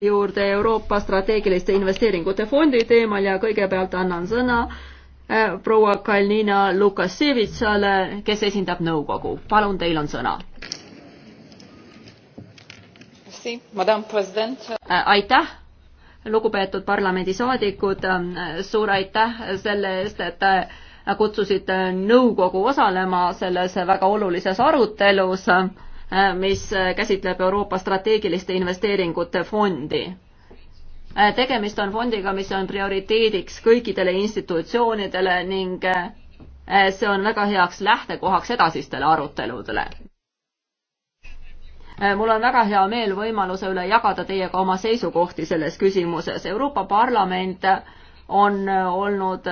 juurde Euroopa strateegiliste investeeringute fondi teemal ja kõigepealt annan sõna äh, proua Kalnina Lukasevitsale, kes esindab nõukogu. palun, teil on sõna. Äh, aitäh, lugupeetud parlamendisaadikud, äh, suur aitäh selle eest, et kutsusite nõukogu osalema selles väga olulises arutelus mis käsitleb Euroopa strateegiliste investeeringute fondi. tegemist on fondiga, mis on prioriteediks kõikidele institutsioonidele ning see on väga heaks lähtekohaks edasistele aruteludele. mul on väga hea meel võimaluse üle jagada teiega oma seisukohti selles küsimuses. Euroopa Parlament on olnud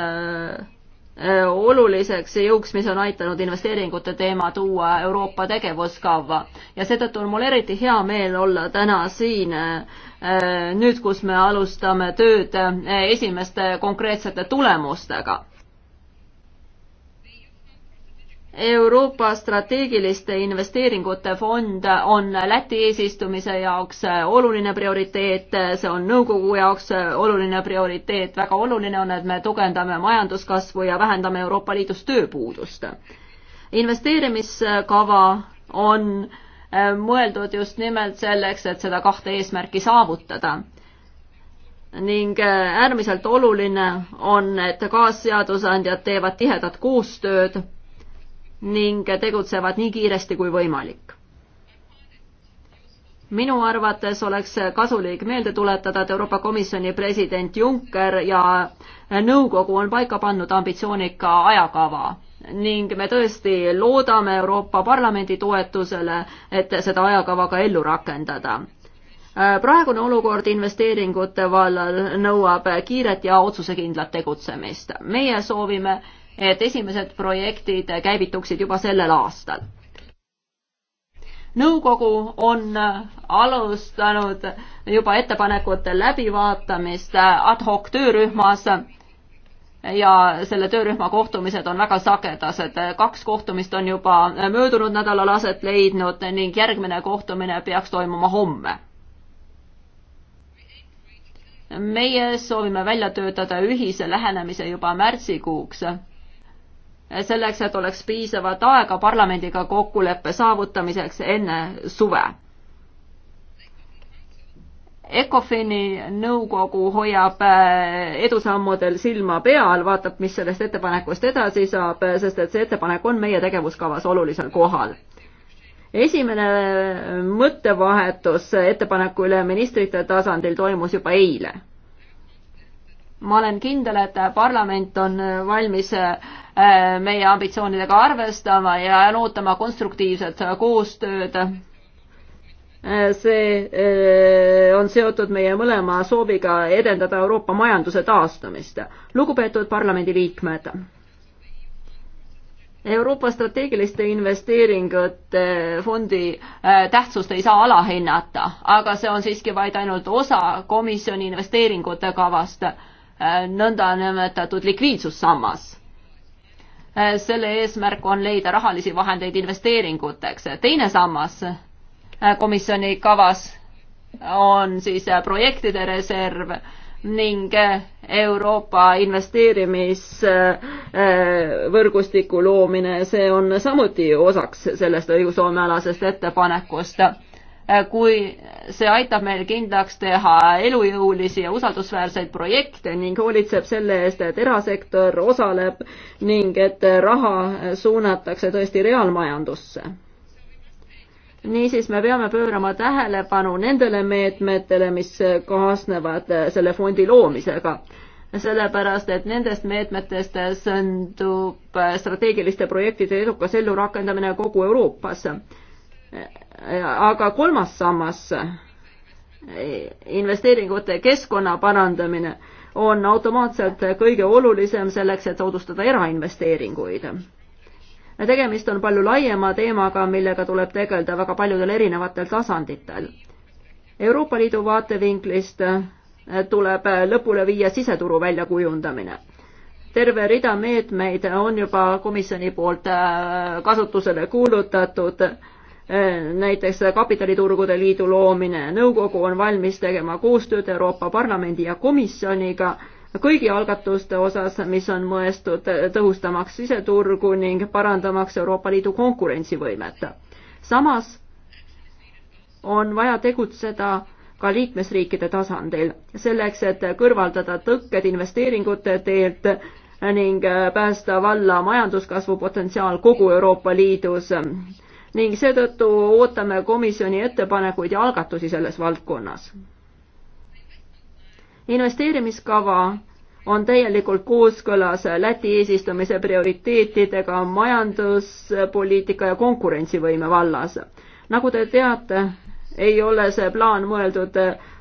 Äh, oluliseks jõuks, mis on aidanud investeeringute teema tuua Euroopa tegevuskava ja seetõttu on mul eriti hea meel olla täna siin äh, nüüd, kus me alustame tööd äh, esimeste konkreetsete tulemustega Euroopa strateegiliste investeeringute fond on Läti eesistumise jaoks oluline prioriteet, see on nõukogu jaoks oluline prioriteet, väga oluline on, et me tugevdame majanduskasvu ja vähendame Euroopa Liidus tööpuudust. investeerimiskava on äh, mõeldud just nimelt selleks, et seda kahte eesmärki saavutada ning äh, äärmiselt oluline on, et kaasseadusandjad teevad tihedat koostööd ning tegutsevad nii kiiresti kui võimalik. minu arvates oleks kasulik meelde tuletada, et Euroopa Komisjoni president Juncker ja nõukogu on paika pannud ambitsioonika ajakava ning me tõesti loodame Euroopa Parlamendi toetusele, et seda ajakava ka ellu rakendada. praegune olukord investeeringute vallal nõuab kiiret ja otsusekindlat tegutsemist. meie soovime et esimesed projektid käivituksid juba sellel aastal. nõukogu on alustanud juba ettepanekute läbivaatamist ad hoc töörühmas ja selle töörühma kohtumised on väga sagedased. kaks kohtumist on juba möödunud nädalal aset leidnud ning järgmine kohtumine peaks toimuma homme. meie soovime välja töötada ühise lähenemise juba märtsikuuks selleks, et oleks piisavalt aega parlamendiga kokkuleppe saavutamiseks enne suve. ECOFIN-i nõukogu hoiab äh, edusammudel silma peal, vaatab, mis sellest ettepanekust edasi saab, äh, sest et see ettepanek on meie tegevuskavas olulisel kohal. esimene äh, mõttevahetus ettepaneku üle ministrite tasandil toimus juba eile ma olen kindel, et parlament on valmis äh, meie ambitsioonidega arvestama ja ootama konstruktiivset koostööd. Äh, see äh, on seotud meie mõlema sooviga edendada Euroopa majanduse taastamist. lugupeetud parlamendiliikmed Euroopa strateegiliste investeeringute fondi tähtsust ei saa alahinnata, aga see on siiski vaid ainult osa komisjoni investeeringute kavast Äh, nõndanimetatud likviidsussammas. Äh, selle eesmärk on leida rahalisi vahendeid investeeringuteks. teine sammas äh, komisjoni kavas on siis projektide reserv ning Euroopa investeerimisvõrgustiku loomine, see on samuti osaks sellest õigusloomealasest ettepanekust Äh, kui see aitab meil kindlaks teha elujõulisi ja usaldusväärseid projekte ning hoolitseb selle eest, et erasektor osaleb ning et raha suunatakse tõesti reaalmajandusse. niisiis, me peame pöörama tähelepanu nendele meetmetele, mis kaasnevad selle fondi loomisega sellepärast, et nendest meetmetest sõltub strateegiliste projektide edukas ellurakendamine kogu Euroopas aga kolmas sammas, investeeringute keskkonna parandamine, on automaatselt kõige olulisem selleks, et soodustada erainvesteeringuid. tegemist on palju laiema teemaga, millega tuleb tegeleda väga paljudel erinevatel tasanditel. Euroopa Liidu vaatevinklist tuleb lõpule viia siseturu väljakujundamine terve rida meetmeid on juba komisjoni poolt kasutusele kuulutatud näiteks kapitaliturgude liidu loomine. nõukogu on valmis tegema koostööd Euroopa Parlamendi ja komisjoniga kõigi algatuste osas, mis on mõestud tõhustamaks siseturgu ning parandamaks Euroopa Liidu konkurentsivõimet. samas on vaja tegutseda ka liikmesriikide tasandil, selleks et kõrvaldada tõkked investeeringute teelt ning päästa valla majanduskasvu potentsiaal kogu Euroopa Liidus ning seetõttu ootame komisjoni ettepanekuid ja algatusi selles valdkonnas. investeerimiskava on täielikult kooskõlas Läti eesistumise prioriteetidega majanduspoliitika ja konkurentsivõime vallas. nagu te teate, ei ole see plaan mõeldud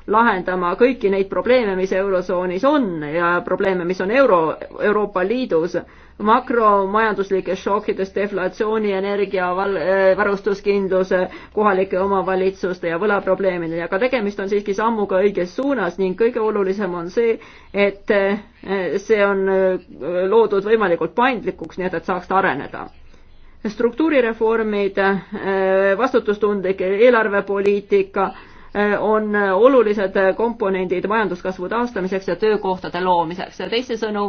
lahendama kõiki neid probleeme, mis Eurotsoonis on ja probleeme, mis on Euro, Euroopa Liidus makromajanduslikest šokkidest, deflatsiooni, energia, äh, varustuskindluse, kohalike omavalitsuste ja võlaprobleemideni, aga tegemist on siiski sammuga õiges suunas ning kõige olulisem on see, et äh, see on äh, loodud võimalikult paindlikuks, nii et, et saaks ta areneda struktuurireformid, vastutustundlik eelarvepoliitika on olulised komponendid majanduskasvu taastamiseks ja töökohtade loomiseks. teiste sõnu,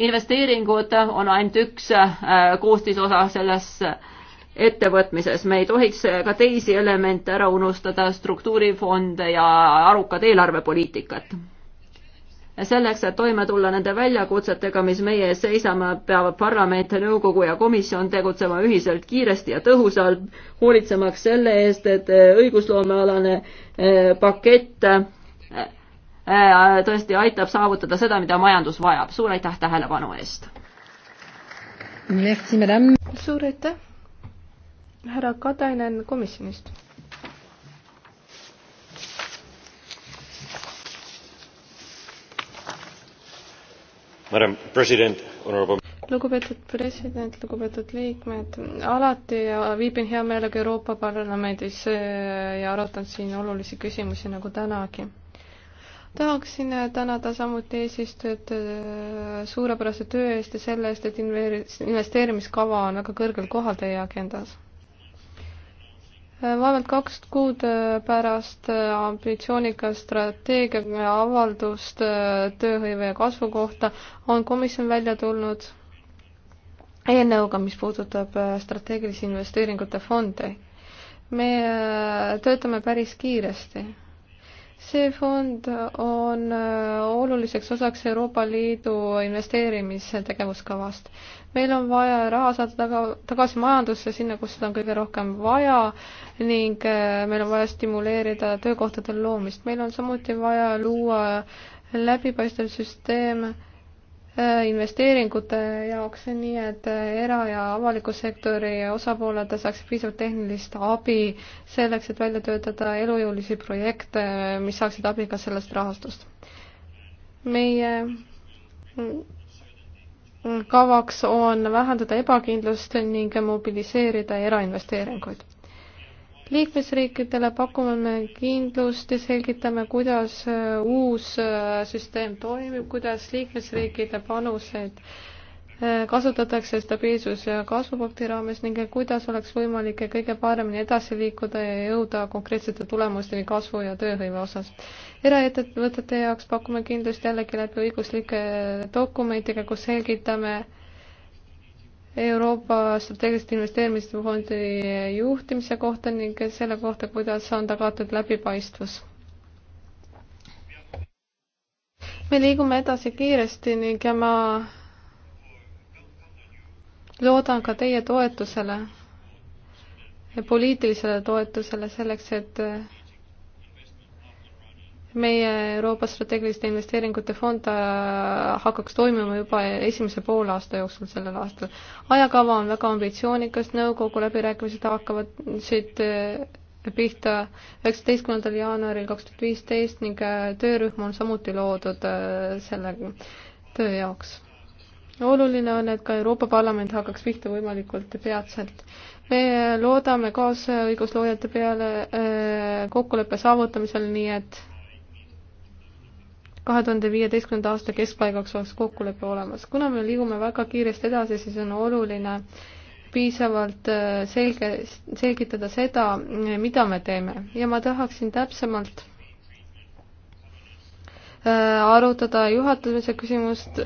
investeeringud on ainult üks äh, koostisosa selles äh, ettevõtmises, me ei tohiks ka teisi elemente ära unustada, struktuurifonde ja arukad eelarvepoliitikat. selleks, et toime tulla nende väljakutsetega, mis meie ees seisame, peavad parlament, nõukogu ja komisjon tegutsema ühiselt kiiresti ja tõhusalt, hoolitsemaks selle eest, et äh, õigusloomealane pakett Äh, tõesti aitab saavutada seda, mida majandus vajab. suur aitäh tähelepanu eest! suur aitäh! härra Katainen komisjonist. lugupeetud president, lugupeetud liikmed, alati viibin hea meelega Euroopa Parlamendis äh, ja arutan siin olulisi küsimusi nagu tänagi tahaksin äh, tänada samuti eesistujat äh, suurepärase töö eest ja selle eest, et investeerimiskava on väga kõrgel kohal teie agendas. Äh, vaevalt kaks kuud pärast ambitsioonika strateegia avaldust tööhõive ja kasvu kohta on komisjon välja tulnud eelnõuga, mis puudutab strateegilisi investeeringute fondi. me töötame päris kiiresti see fond on äh, oluliseks osaks Euroopa Liidu investeerimistegevuskavast. meil on vaja raha saada taga, tagasi majandusse, sinna, kus seda on kõige rohkem vaja ning äh, meil on vaja stimuleerida töökohtade loomist. meil on samuti vaja luua läbipaistev süsteem Äh, investeeringute jaoks, nii et äh, era- ja avaliku sektori osapooled saaksid piisavalt tehnilist abi selleks, et välja töötada elujõulisi projekte, mis saaksid abi ka sellest rahastust. meie kavaks on vähendada ebakindlust ning mobiliseerida erainvesteeringuid liikmesriikidele pakume me kindlust ja selgitame, kuidas äh, uus äh, süsteem toimib, kuidas liikmesriikide panuseid äh, kasutatakse stabiilsus- ja kasvupakti raames ning kuidas oleks võimalik kõige paremini edasi liikuda ja jõuda konkreetsete tulemusteni kasvu ja tööhõive osas. eraettevõtete jaoks pakume kindlust jällegi läbi õiguslike dokumentidega, kus selgitame Euroopa strateegiliste investeerimisfondi juhtimise kohta ning selle kohta, kuidas on tagatud läbipaistvus. me liigume edasi kiiresti ning ma loodan ka teie toetusele ja poliitilisele toetusele selleks, et meie Euroopa strateegiliste investeeringute fond hakkaks toimima juba esimese poolaasta jooksul sellel aastal. ajakava on väga ambitsioonikas, nõukogu läbirääkimised hakkavad siit eh, pihta üheksateistkümnendal jaanuaril kaks tuhat viisteist ning eh, töörühm on samuti loodud eh, selle töö jaoks. oluline on, et ka Euroopa Parlament hakkaks pihta võimalikult peatselt me loodame kaasõigusloojate peale kokkuleppe saavutamisel, nii et kahe tuhande viieteistkümnenda aasta keskpaigaks oleks kokkulepe olemas. kuna me liigume väga kiiresti edasi, siis on oluline piisavalt äh, selge, selgitada seda, äh, mida me teeme ja ma tahaksin täpsemalt äh, arutada juhatamise küsimust.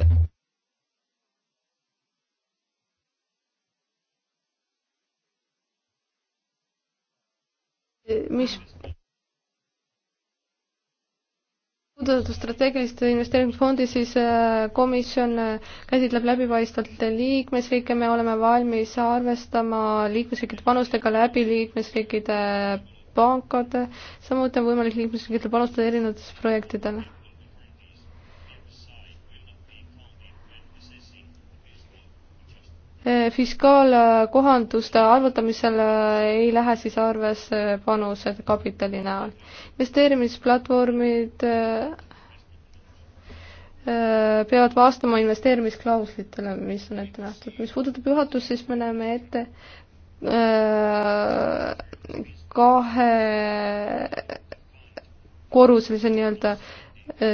mis puudutatud strateegilist investeerimisfondi, siis äh, komisjon äh, käsitleb läbipaistvalt liikmesriike, me oleme valmis arvestama liikmesriikide panustega läbi liikmesriikide pankade, samuti on võimalik liikmesriikidel panustada erinevatesse projektidele fiskaalkohanduste arvutamisel ei lähe siis arvesse panused kapitali näol. investeerimisplatvormid äh, äh, peavad vastama investeerimisklauslitele, mis on ette nähtud. mis puudutab juhatust, siis me näeme ette äh, kahe korruselise nii-öelda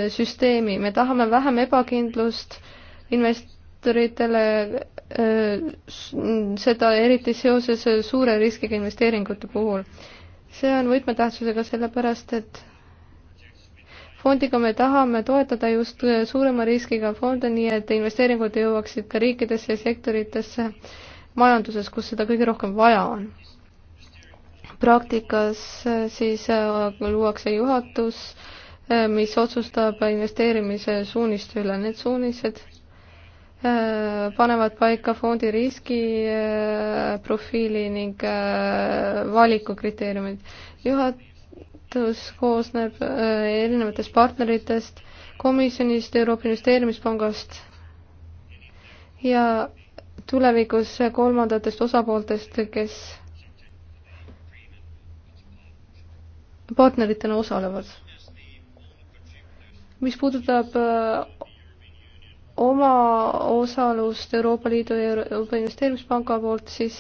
süsteemi, me tahame vähem ebakindlust invest-, investoritele äh, seda eriti seoses suure riskiga investeeringute puhul. see on võtmetähtsusega sellepärast, et fondiga me tahame toetada just suurema riskiga fonde, nii et investeeringud jõuaksid ka riikidesse ja sektoritesse majanduses, kus seda kõige rohkem vaja on. praktikas äh, siis äh, luuakse juhatus, mis otsustab investeerimise suuniste üle, need suunised Äh, panevad paika fondi riskiprofiili äh, ning äh, valikukriteeriumid. juhatus koosneb erinevatest partneritest, komisjonist, Euroopa Investeerimispangast ja tulevikus kolmandatest osapooltest, kes partneritena osalevad. mis puudutab oma osalust Euroopa Liidu ja Euroopa Investeerimispanga poolt, siis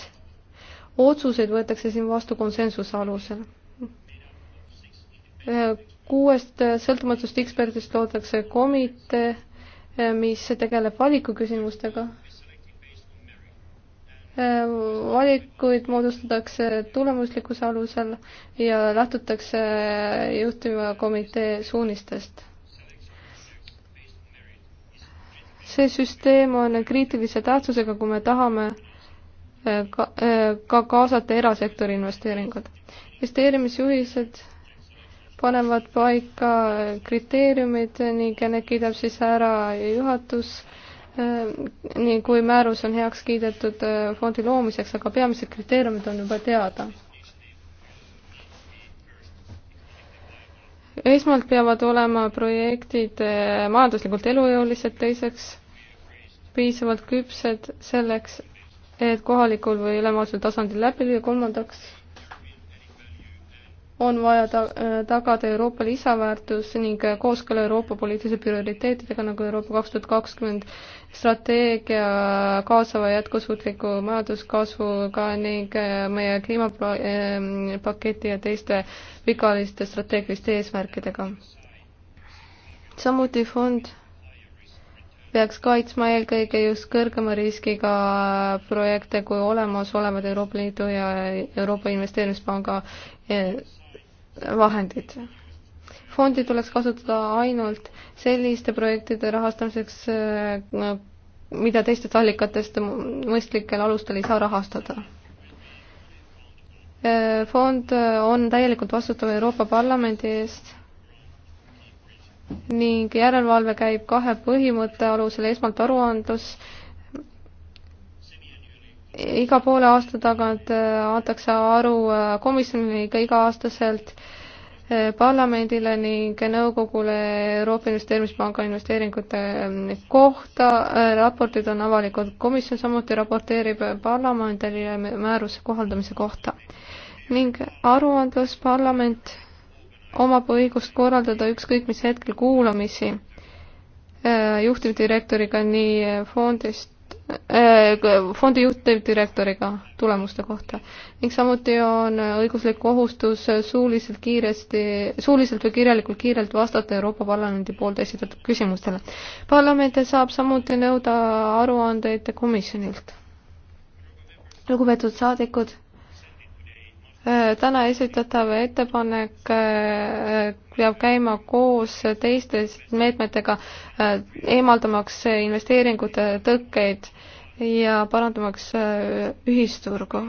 otsuseid võetakse siin vastu konsensuse alusel. kuuest sõltumatust eksperdist loodakse komitee, mis tegeleb valikuküsimustega. valikuid moodustatakse tulemuslikkuse alusel ja lähtutakse juhtiva komitee suunistest see süsteem on kriitilise tähtsusega, kui me tahame eh, ka, eh, ka kaasata erasektori investeeringud. investeerimisjuhised panevad paika eh, kriteeriumid ning need kiidab siis ära juhatus, nii kui määrus on heaks kiidetud fondi loomiseks, aga peamised kriteeriumid on juba teada. esmalt peavad olema projektid majanduslikult elujõulised, teiseks piisavalt küpsed selleks, et kohalikul või ülemaailmsel tasandil läbi lüüa, kolmandaks on vaja ta-, äh, tagada Euroopa lisaväärtus ning äh, kooskõla Euroopa poliitilise prioriteetidega, nagu Euroopa kaks tuhat kakskümmend strateegia kaasava jätkusuutliku majanduskasvuga ning äh, meie kliimapaketi ähm, ja teiste pikaajaliste strateegiliste eesmärkidega. samuti fond peaks kaitsma eelkõige just kõrgema riskiga projekte kui olemasolevad Euroopa Liidu ja Euroopa Investeerimispanga eh, vahendid. fondi tuleks kasutada ainult selliste projektide rahastamiseks, eh, mida teistest allikatest mõistlikel alustel ei saa rahastada. Eh, fond on täielikult vastutav Euroopa Parlamendi eest ning järelevalve käib kahe põhimõtte alusel, esmalt aruandlus, iga poole aasta tagant äh, antakse aru äh, komisjonile ikka iga-aastaselt äh, parlamendile ning nõukogule Euroopa Investeerimispanga investeeringute kohta, raportid on avalikud, komisjon samuti raporteerib parlamendile määruse kohaldamise kohta. ning aruandlus parlament omab õigust korraldada ükskõik mis hetkel kuulamisi äh, juhtivdirektoriga nii äh, fondist äh, fondi juhtivdirektoriga tulemuste kohta ning samuti on õiguslik kohustus suuliselt kiiresti, suuliselt või kirjalikult kiirelt vastata Euroopa Parlamendi poolt esitatud küsimustele. parlament saab samuti nõuda aruandeid komisjonilt. lugupeetud saadikud täna esitatav ettepanek äh, peab käima koos teiste meetmetega, äh, eemaldamaks investeeringute tõkkeid ja parandamaks äh, ühisturgu.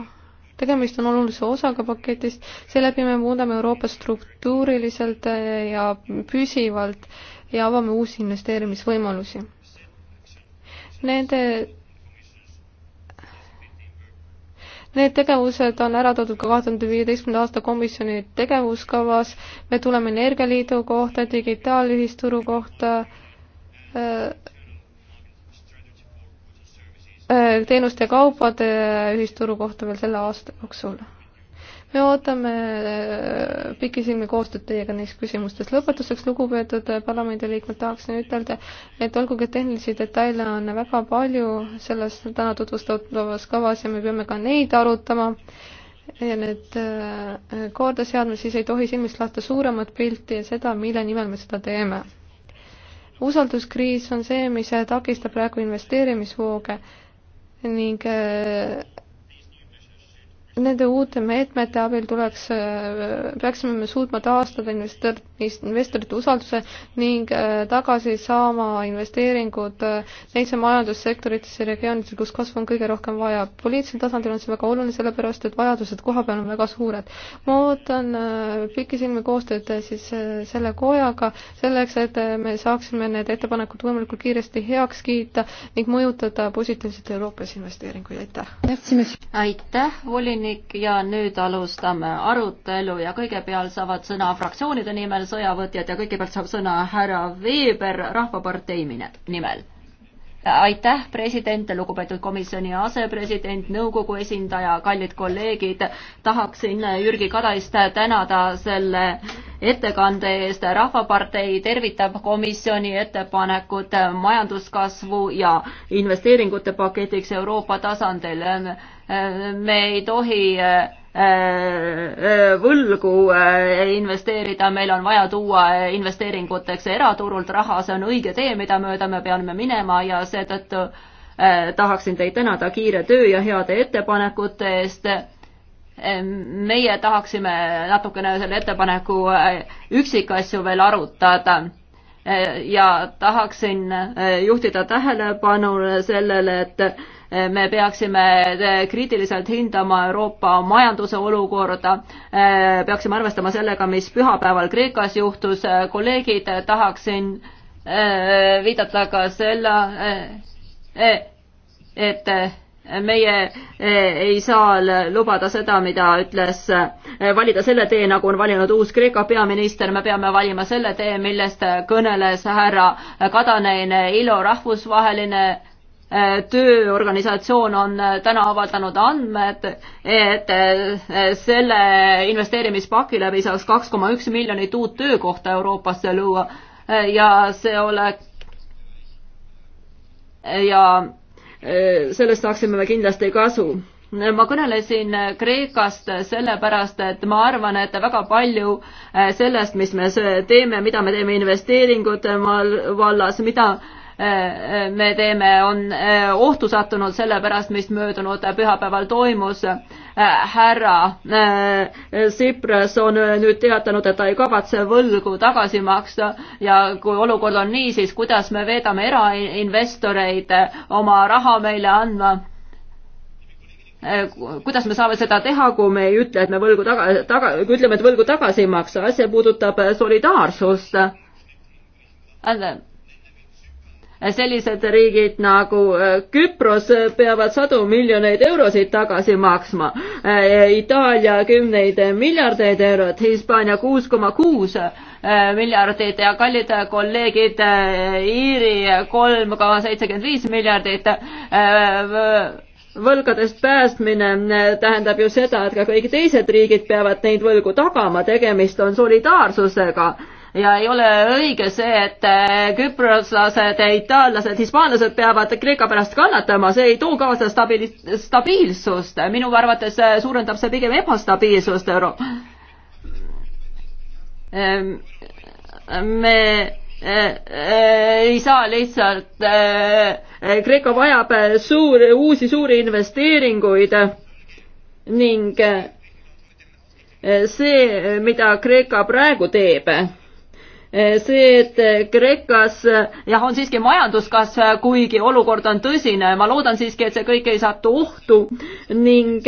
tegemist on olulise osaga paketist, seeläbi me muudame Euroopa struktuuriliselt ja püsivalt ja avame uusi investeerimisvõimalusi. Nende Need tegevused on ära toodud ka kahe tuhande viieteistkümnenda aasta komisjoni tegevuskavas. me tuleme Energialiidu kohta, digitaalühisturu kohta, äh, äh, teenuste ja kaupade ühisturu kohta veel selle aasta jooksul me ootame äh, pikisilmi koostööd teiega neis küsimustes. lõpetuseks, lugupeetud äh, parlamendiliikmed, tahaksin ütelda, et olgugi tehnilisi detaile on väga palju selles täna tutvustatavas kavas ja me peame ka neid arutama, ja need äh, koordeseadmed siis ei tohi silmist lasta suuremat pilti ja seda, mille nimel me seda teeme. usalduskriis on see, mis takistab praegu investeerimisvooge ning Nende uute meetmete abil tuleks, äh, peaksime me suutma taastada investor-, investorite usalduse ning äh, tagasi saama investeeringud äh, neisse majandussektoritesse ja regioonidesse, kus kasvu on kõige rohkem vaja. poliitilisel tasandil on see väga oluline, sellepärast et vajadused kohapeal on väga suured. ma ootan äh, pikisilmi koostööd siis selle kojaga, selleks et me saaksime need ettepanekud võimalikult kiiresti heaks kiita ning mõjutada positiivselt Euroopas investeeringuid, aitäh! aitäh, volinik, ja nüüd alustame arutelu ja kõigepealt saavad sõna fraktsioonide nimel sõjavõtjad ja kõigepealt saab sõna härra Weber Rahvapartei nimel. aitäh, president, lugupeetud komisjoni asepresident, nõukogu esindaja, kallid kolleegid. tahaksin Jürgi Kadaist tänada selle ettekande eest. rahvapartei tervitab komisjoni ettepanekut majanduskasvu ja investeeringute paketiks Euroopa tasandil. me ei tohi Äh, äh, võlgu äh, investeerida, meil on vaja tuua investeeringuteks eraturult raha, see on õige tee, mida mööda me peame minema ja seetõttu tahaksin teid tänada kiire töö ja heade ettepanekute eest meie tahaksime natukene selle ettepaneku üksikasju veel arutada ja tahaksin juhtida tähelepanu sellele, et me peaksime eh, kriitiliselt hindama Euroopa majanduse olukorda, eh, peaksime arvestama sellega, mis pühapäeval Kreekas juhtus. Eh, kolleegid, tahaksin viidata ka selle, et meie ei saa lubada seda, mida ütles, valida selle tee, nagu on valinud uus Kreeka peaminister, me peame valima selle tee, millest kõneles härra Kadanen, ILO rahvusvaheline Äh, tööorganisatsioon on äh, täna avaldanud andmed, et äh, selle investeerimispaki läbi saaks kaks koma üks miljonit uut töökohta Euroopasse luua ja see ole- ja sellest saaksime me kindlasti kasu. ma kõnelesin Kreekast sellepärast, et ma arvan, et väga palju sellest, mis me teeme, mida me teeme investeeringute vallas, mida me teeme, on eh, ohtu sattunud selle pärast, mis möödunud pühapäeval toimus. Eh, härra eh, Tsipras on nüüd teatanud, et ta ei kavatse võlgu tagasi maksta ja kui olukord on nii, siis kuidas me veedame erainvestoreid oma raha meile andma kuidas me saame seda teha, kui me ei ütle, et me võlgu taga, taga, ütleme, et võlgu tagasi ei maksa, asi puudutab solidaarsust sellised riigid nagu äh, Küpros äh, peavad sadu miljoneid eurosid tagasi maksma, äh, Itaalia kümneid miljardeid eurot, Hispaania kuus koma kuus miljardit ja kallid kolleegid, Iiri kolm koma seitsekümmend viis miljardit võlgadest päästmine tähendab ju seda, et ka kõik teised riigid peavad neid võlgu tagama, tegemist on solidaarsusega ja ei ole õige see, et äh, küproslased, itaallased, hispaanlased peavad Kreeka pärast kannatama, see ei too kaasa stabiil-, stabiilsust. minu arvates äh, suurendab see pigem ebastabiilsust euro-. Ehm, me äh, ei saa lihtsalt, Kreeka vajab suuri, uusi suuri investeeringuid ning see, mida Kreeka praegu teeb see, et Kreekas jah, on siiski majanduskasv, kuigi olukord on tõsine, ma loodan siiski, et see kõik ei satu ohtu ning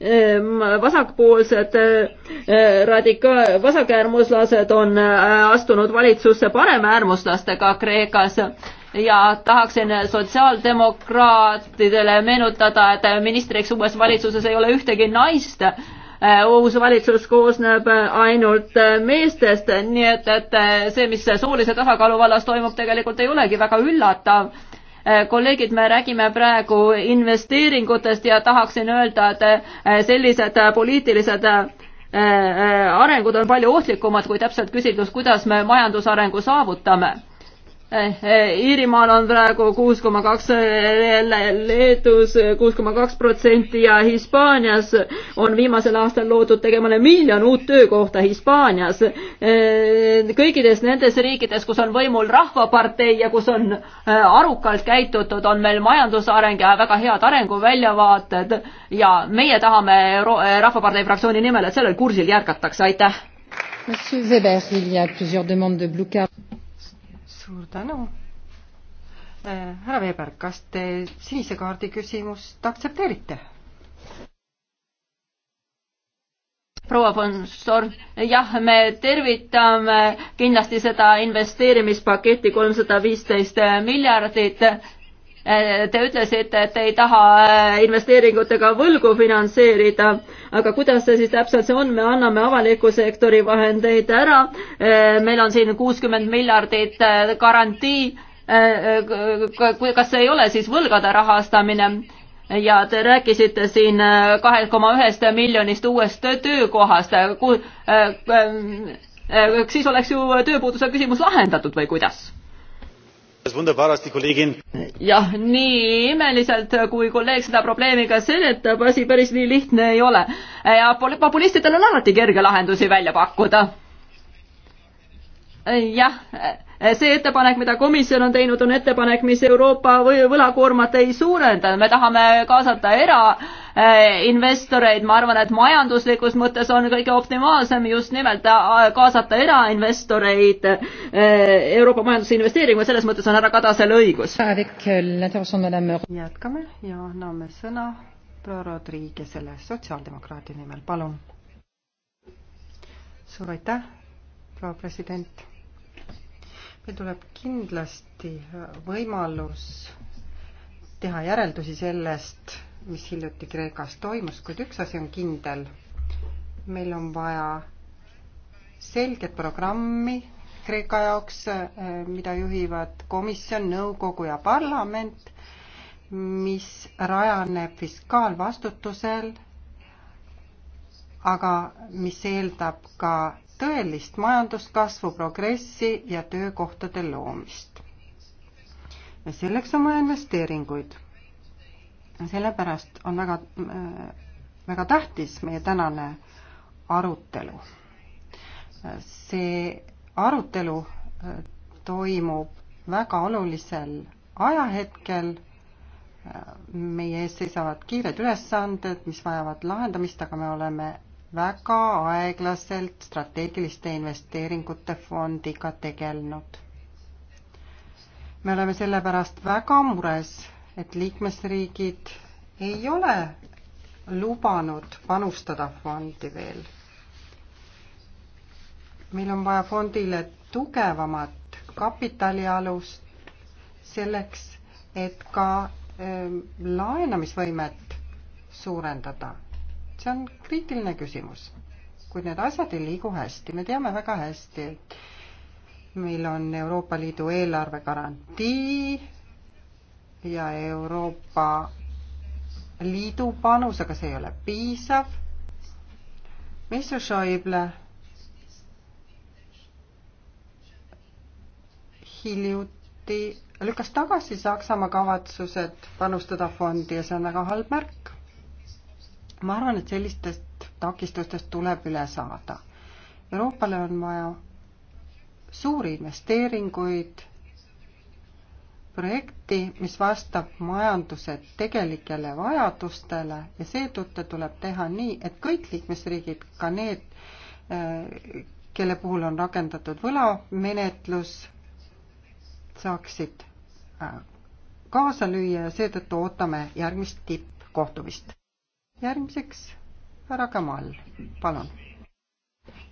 ehm, vasakpoolsed eh, radika-, vasakäärmuslased on eh, astunud valitsusse paremäärmuslastega Kreekas ja tahaksin sotsiaaldemokraatidele meenutada, et ministriks uues valitsuses ei ole ühtegi naist Äh, uus valitsus koosneb äh, ainult äh, meestest, nii et, et see, mis soolise tasakaalu vallas toimub, tegelikult ei olegi väga üllatav. kolleegid, me räägime praegu investeeringutest ja tahaksin öelda, et sellised poliitilised arengud on palju ohtlikumad kui täpselt küsitlus, kuidas me majandusarengu saavutame Eh, Iirimaal on praegu kuus koma kaks, Leedus kuus koma kaks protsenti ja Hispaanias on viimasel aastal loodud tegemale miljon uut töökohta Hispaanias. Eh, kõikides nendes riikides, kus on võimul rahvapartei ja kus on eh, arukalt käitutud, on meil majandusareng ja väga head arenguväljavaated ja meie tahame Euro Rahvapartei fraktsiooni nimel, et sellel kursil jätkatakse, aitäh. Monsieur Weber, il y a plusieurs demandes de blue card suur tänu. Äh, härra Veber, kas te sinise kaardi küsimust aktsepteerite? proua Fonsor, jah, me tervitame kindlasti seda investeerimispaketti kolmsada viisteist miljardit Eh, te ütlesite, et ei taha eh, investeeringutega võlgu finantseerida, aga kuidas see siis täpselt see on, me anname avaliku sektori vahendeid ära, eh, meil on siin kuuskümmend miljardit garantii, kas see ei ole siis võlgade rahastamine? ja te rääkisite siin kahe koma ühest miljonist uuest töökohast, siis oleks ju tööpuuduse küsimus lahendatud või kuidas? jah, nii imeliselt, kui kolleeg seda probleemi ka seletab, asi päris nii lihtne ei ole. ja populistidel on alati kerge lahendusi välja pakkuda. jah, see ettepanek, mida komisjon on teinud, on ettepanek, mis Euroopa võlakoormat ei suurenda, me tahame kaasata era- Eh, investoreid, ma arvan, et majanduslikus mõttes on kõige optimaalsem just nimelt äh, kaasata erainvestoreid eh, Euroopa majanduse investeeringuid, selles mõttes on härra Kadasel õigus. Euh, jätkame ja anname sõna proua Rodriguezele sotsiaaldemokraadi nimel, palun. suur aitäh, proua president meil tuleb kindlasti võimalus teha järeldusi sellest, mis hiljuti Kreekas toimus, kuid üks asi on kindel. meil on vaja selget programmi Kreeka jaoks, eh, mida juhivad komisjon, nõukogu ja parlament, mis rajaneb fiskaalvastutusel, aga mis eeldab ka tõelist majanduskasvu, progressi ja töökohtade loomist. ja selleks on vaja investeeringuid sellepärast on väga, äh, väga tähtis meie tänane arutelu. see arutelu äh, toimub väga olulisel ajahetkel, äh, meie ees seisavad kiired ülesanded, mis vajavad lahendamist, aga me oleme väga aeglaselt strateegiliste investeeringute fondiga tegelenud. me oleme sellepärast väga mures et liikmesriigid ei ole lubanud panustada fondi veel. meil on vaja fondile tugevamat kapitalialust selleks, et ka äh, laenamisvõimet suurendada. see on kriitiline küsimus, kuid need asjad ei liigu hästi, me teame väga hästi, et meil on Euroopa Liidu eelarve garantii, ja Euroopa Liidu panus, aga see ei ole piisav. Mr Schäuble hiljuti lükkas tagasi Saksamaa kavatsused panustada fondi ja see on väga halb märk. ma arvan, et sellistest takistustest tuleb üle saada. Euroopale on vaja suuri investeeringuid projekti, mis vastab majanduse tegelikele vajadustele ja seetõttu tuleb teha nii, et kõik liikmesriigid, ka need, eh, kelle puhul on rakendatud võlamenetlus, saaksid eh, kaasa lüüa ja seetõttu ootame järgmist tippkohtumist. järgmiseks härra Kamal, palun.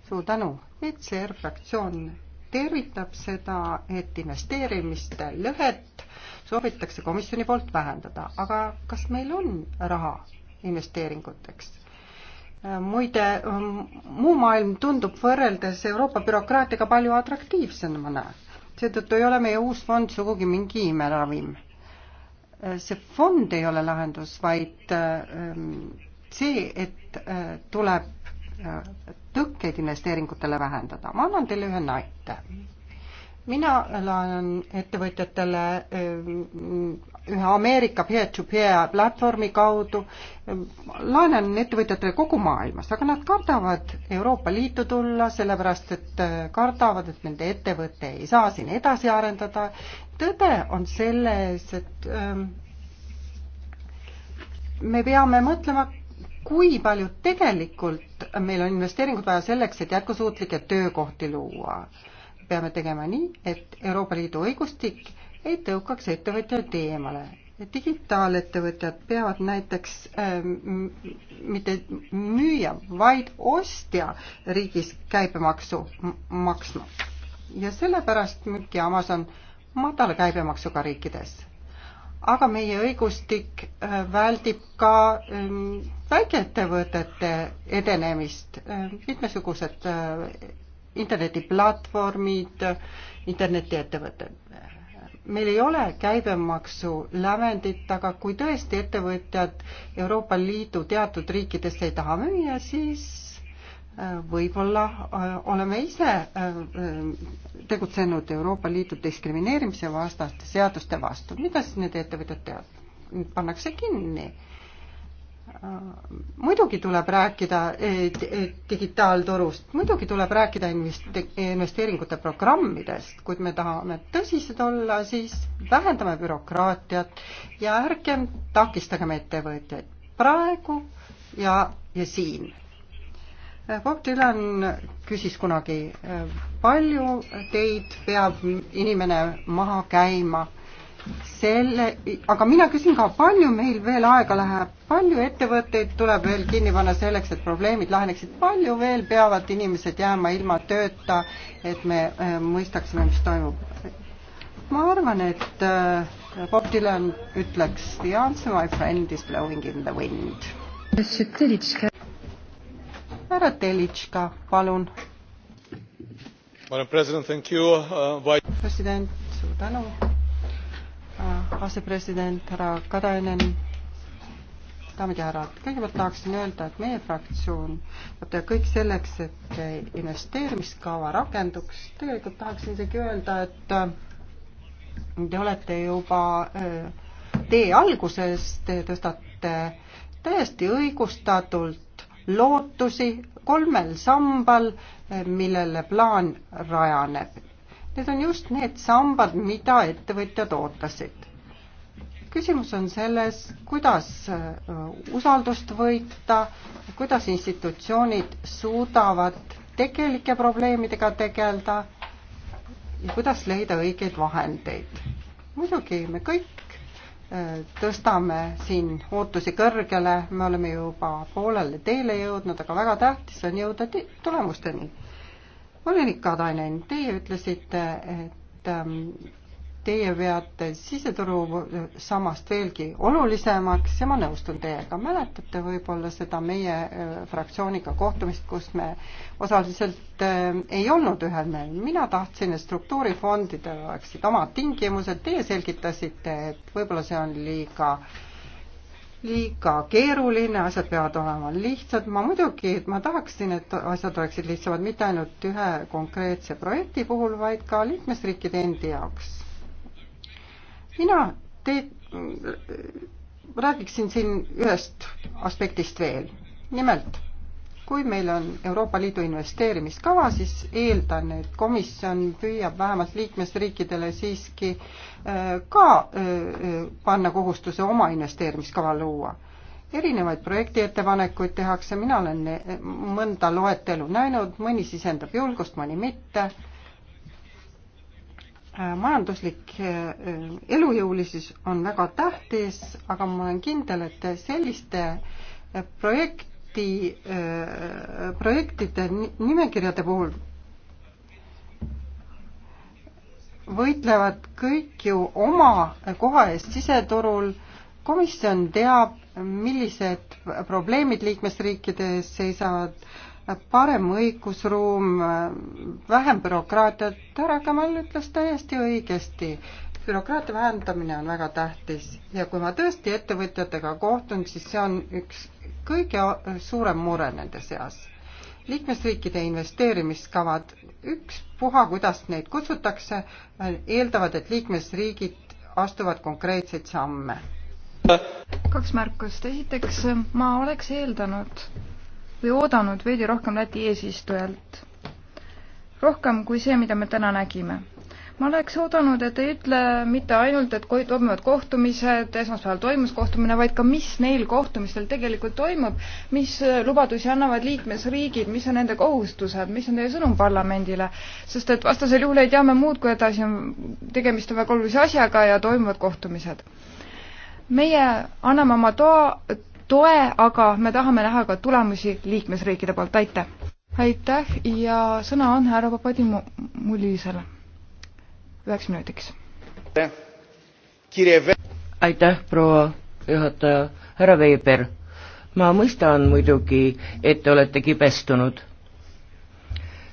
suur tänu, ECR fraktsioon tervitab seda, et investeerimiste lõhet soovitakse komisjoni poolt vähendada, aga kas meil on raha investeeringuteks? Äh, muide, ähm, muu maailm tundub võrreldes Euroopa bürokraatiaga palju atraktiivsemana. seetõttu ei ole meie uus fond sugugi mingi imeravim. Äh, see fond ei ole lahendus, vaid äh, ähm, see, et tuleb tõkkeid investeeringutele vähendada. ma annan teile ühe näite. mina laenan ettevõtjatele eh, ühe Ameerika peer-to-peer platvormi kaudu, laenan ettevõtjatele kogu maailmas, aga nad kardavad Euroopa Liitu tulla, sellepärast et eh, kardavad, et nende ettevõte ei saa siin edasi arendada. tõde on selles, et eh, me peame mõtlema kui palju tegelikult meil on investeeringut vaja selleks, et jätkusuutlikke töökohti luua. peame tegema nii, et Euroopa Liidu õigustik ei tõukaks ettevõtjaid eemale. digitaalettevõtjad peavad näiteks ähm, mitte müüja, vaid ostja riigis käibemaksu maksma. ja sellepärast müüki Amazon madala käibemaksuga riikides aga meie õigustik äh, väldib ka ähm, väikeettevõtete edenemist, äh, mitmesugused äh, internetiplatvormid, internetiettevõtted. meil ei ole käibemaksu lävendit, aga kui tõesti ettevõtjad Euroopa Liidu teatud riikidesse ei taha müüa, siis võib-olla äh, oleme ise äh, tegutsenud Euroopa Liidu diskrimineerimise vastaste seaduste vastu. mida siis need ettevõtjad teevad? pannakse kinni. Äh, muidugi tuleb rääkida digitaalturust, muidugi tuleb rääkida invest-, investeeringute programmidest, kuid me tahame tõsised olla, siis vähendame bürokraatiat ja ärgem takistagem ettevõtjaid praegu ja, ja siin Bob Dylan küsis kunagi, palju teid peab inimene maha käima selle, aga mina küsin ka, palju meil veel aega läheb, palju ettevõtteid tuleb veel kinni panna selleks, et probleemid laheneksid, palju veel peavad inimesed jääma ilma tööta, et me äh, mõistaksime, mis toimub? ma arvan, et äh, Bob Dylan ütleks The answer my friend is blowing in the wind härra Telitška, palun. Uh, president, suur tänu. Uh, asepresident härra Kadanen daamid ja härrad, kõigepealt tahaksin öelda, et meie fraktsioon peab teha kõik selleks, et investeerimiskava rakenduks. tegelikult tahaksin isegi öelda, et uh, te olete juba tee alguses, te tõstate täiesti õigustatult lootusi kolmel sambal, millele plaan rajaneb. Need on just need sambad, mida ettevõtjad ootasid. küsimus on selles, kuidas äh, usaldust võita, kuidas institutsioonid suudavad tegelike probleemidega tegeleda ja kuidas leida õigeid vahendeid. muidugi me kõik tõstame siin ootusi kõrgele, me oleme juba poolele teele jõudnud, aga väga tähtis on jõuda tulemusteni. volinik Kadanen, teie ütlesite, et ähm, teie veate siseturu sammast veelgi olulisemaks ja ma nõustun teiega. mäletate võib-olla seda meie äh, fraktsiooniga kohtumist, kus me osaliselt äh, ei olnud ühel meelel. mina tahtsin, et struktuurifondidel oleksid omad tingimused, teie selgitasite, et võib-olla see on liiga liiga keeruline, asjad peavad olema lihtsad, ma muidugi, ma tahaksin, et asjad oleksid lihtsamad mitte ainult ühe konkreetse projekti puhul, vaid ka liikmesriikide endi jaoks mina te-, räägiksin siin ühest aspektist veel. nimelt, kui meil on Euroopa Liidu investeerimiskava, siis eeldan, et komisjon püüab vähemalt liikmesriikidele siiski äh, ka äh, panna kohustuse oma investeerimiskava luua. erinevaid projektiettepanekuid tehakse, mina olen äh, mõnda loetelu näinud, mõni sisendab julgust, mõni mitte Äh, majanduslik äh, elujõulisus on väga tähtis, aga ma olen kindel, et selliste äh, projekti, projektide nimekirjade puhul võitlevad kõik ju oma koha eest siseturul. komisjon teab, millised probleemid liikmesriikides seisavad parem õigusruum, vähem bürokraatiat, härra Kamal ütles täiesti õigesti. bürokraatia vähendamine on väga tähtis ja kui ma tõesti ettevõtjatega kohtun, siis see on üks kõige suurem mure nende seas. liikmesriikide investeerimiskavad, ükspuha, kuidas neid kutsutakse, eeldavad, et liikmesriigid astuvad konkreetseid samme. kaks märkust, esiteks ma oleks eeldanud, või oodanud veidi rohkem Läti eesistujalt. rohkem kui see, mida me täna nägime ma oleks oodanud, et ei ütle mitte ainult, et kui toimuvad kohtumised, esmaspäeval toimus kohtumine, vaid ka, mis neil kohtumistel tegelikult toimub, mis äh, lubadusi annavad liikmesriigid, mis on nende kohustused, mis on teie sõnum parlamendile, sest et vastasel juhul ei tea me muud, kui et asi on, tegemist on väga olulise asjaga ja toimuvad kohtumised. meie anname oma toa, toe, aga me tahame näha ka tulemusi liikmesriikide poolt, aitäh! aitäh ja sõna on härra Papadimulisele üheks minutiks. aitäh, proua juhataja, härra Veeber. ma mõistan muidugi, et te olete kibestunud,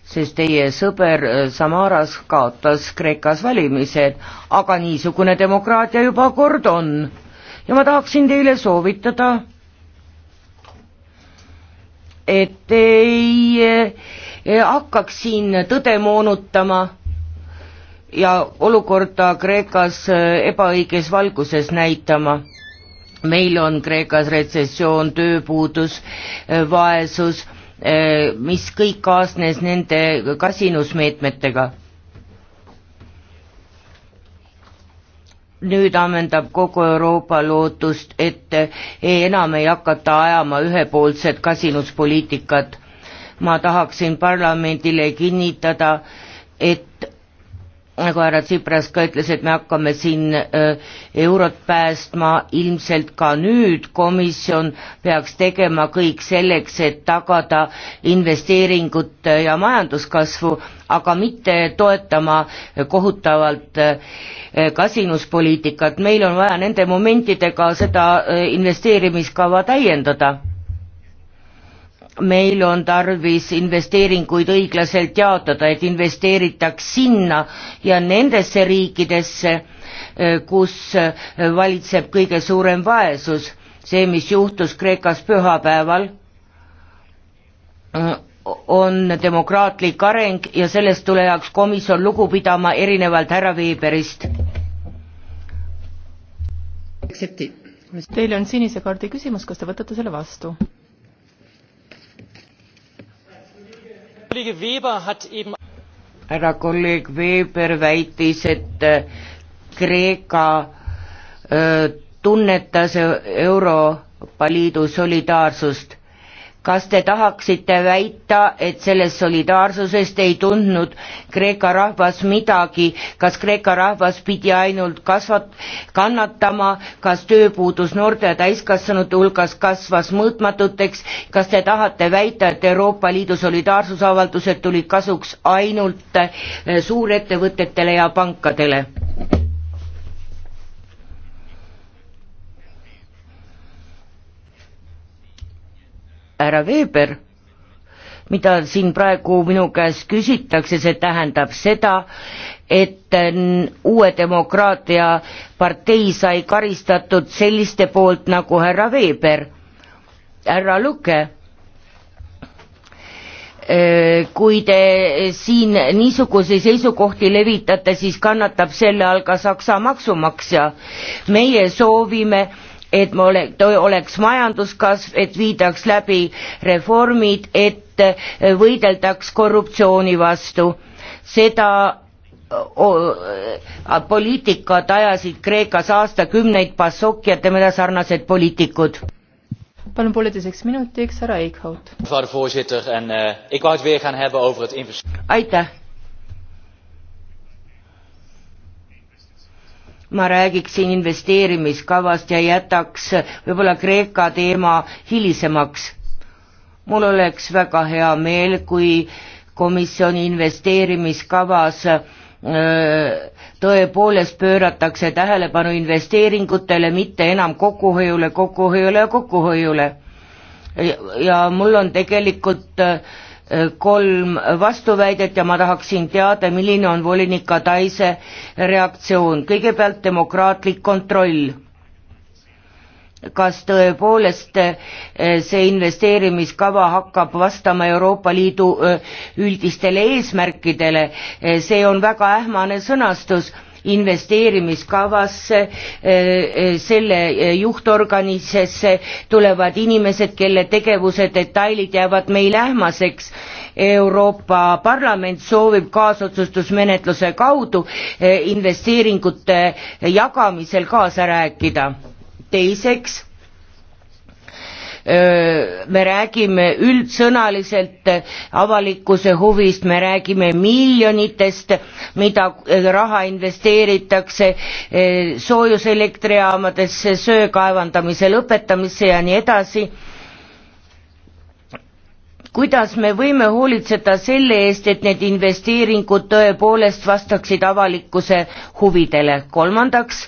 sest teie sõber äh, Samaras kaotas Kreekas valimised, aga niisugune demokraatia juba kord on. ja ma tahaksin teile soovitada et ei, ei eh, eh, hakkaks siin tõde moonutama ja olukorda Kreekas eh, ebaõiges valguses näitama. meil on Kreekas retsessioon, tööpuudus, vaesus, mis kõik kaasnes nende kasinusmeetmetega nüüd ammendab kogu Euroopa lootust, et ei, enam ei hakata ajama ühepoolset kasinuspoliitikat. ma tahaksin parlamendile kinnitada, et nagu härra Tsipras ka ütles, et me hakkame siin äh, eurot päästma, ilmselt ka nüüd komisjon peaks tegema kõik selleks, et tagada investeeringut äh, ja majanduskasvu, aga mitte toetama kohutavalt äh, kasinuspoliitikat, meil on vaja nende momentidega seda investeerimiskava täiendada meil on tarvis investeeringuid õiglaselt jaotada, et investeeritaks sinna ja nendesse riikidesse, eh, kus eh, valitseb kõige suurem vaesus. see, mis juhtus Kreekas pühapäeval, eh, on demokraatlik areng ja sellest tulevaks komisjon lugu pidama erinevalt härra Weberist. Teil on sinise kaardi küsimus, kas te võtate selle vastu? härra kolleeg Weber väitis, et äh, Kreeka äh, tunnetas Euroopa Liidu solidaarsust kas te tahaksite väita, et sellest solidaarsusest ei tundnud Kreeka rahvas midagi, kas Kreeka rahvas pidi ainult kasvat-, kannatama, kas tööpuudus noorte ja täiskasvanute hulgas kasvas mõõtmatuteks, kas te tahate väita, et Euroopa Liidu solidaarsusavaldused tulid kasuks ainult eh, suurettevõtetele ja pankadele? härra Weber, mida siin praegu minu käest küsitakse, see tähendab seda, et äh, uue demokraatia partei sai karistatud selliste poolt nagu härra Weber, härra Luke. Äh, kui te siin niisuguseid seisukohti levitate, siis kannatab selle all ka Saksa maksumaksja. meie soovime et me ole, oleks majanduskasv, et viidaks läbi reformid, et äh, võideldaks korruptsiooni vastu. seda äh, poliitikat ajasid Kreekas aastakümneid Bassok ja temale sarnased poliitikud. palun pooleteiseks minutiks, härra Eichhout. Eh, aitäh ma räägiksin investeerimiskavast ja jätaks võib-olla Kreeka teema hilisemaks. mul oleks väga hea meel, kui komisjoni investeerimiskavas tõepoolest pööratakse tähelepanu investeeringutele, mitte enam kokkuhoiule, kokkuhoiule ja kokkuhoiule. ja mul on tegelikult äh, kolm vastuväidet ja ma tahaksin teada, milline on volinik Kadaise reaktsioon. kõigepealt demokraatlik kontroll. kas tõepoolest eh, see investeerimiskava hakkab vastama Euroopa Liidu eh, üldistele eesmärkidele, eh, see on väga ähmane sõnastus investeerimiskavasse, eh, eh, selle eh, juhtorganisesse tulevad inimesed, kelle tegevuse detailid jäävad meil ähmaseks. Euroopa Parlament soovib kaasotsustusmenetluse kaudu investeeringute jagamisel kaasa rääkida. teiseks me räägime üldsõnaliselt avalikkuse huvist, me räägime miljonitest, mida raha investeeritakse soojuselektrijaamadesse, söe kaevandamise lõpetamisse ja nii edasi kuidas me võime hoolitseda selle eest, et need investeeringud tõepoolest vastaksid avalikkuse huvidele. kolmandaks,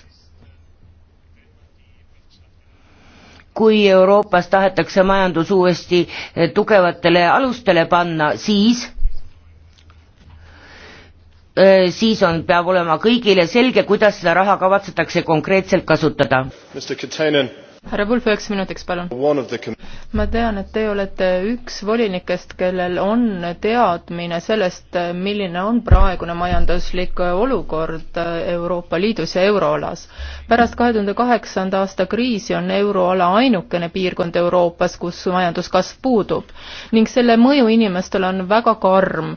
kui Euroopas tahetakse majandus uuesti eh, tugevatele alustele panna, siis eh, siis on, peab olema kõigile selge, kuidas seda raha kavatsetakse konkreetselt kasutada härra Pulf, üheks minutiks, palun. ma tean, et teie olete üks volinikest, kellel on teadmine sellest, milline on praegune majanduslik olukord Euroopa Liidus ja euroalas. pärast kahe tuhande kaheksanda aasta kriisi on euroala ainukene piirkond Euroopas, kus majanduskasv puudub. ning selle mõju inimestele on väga karm.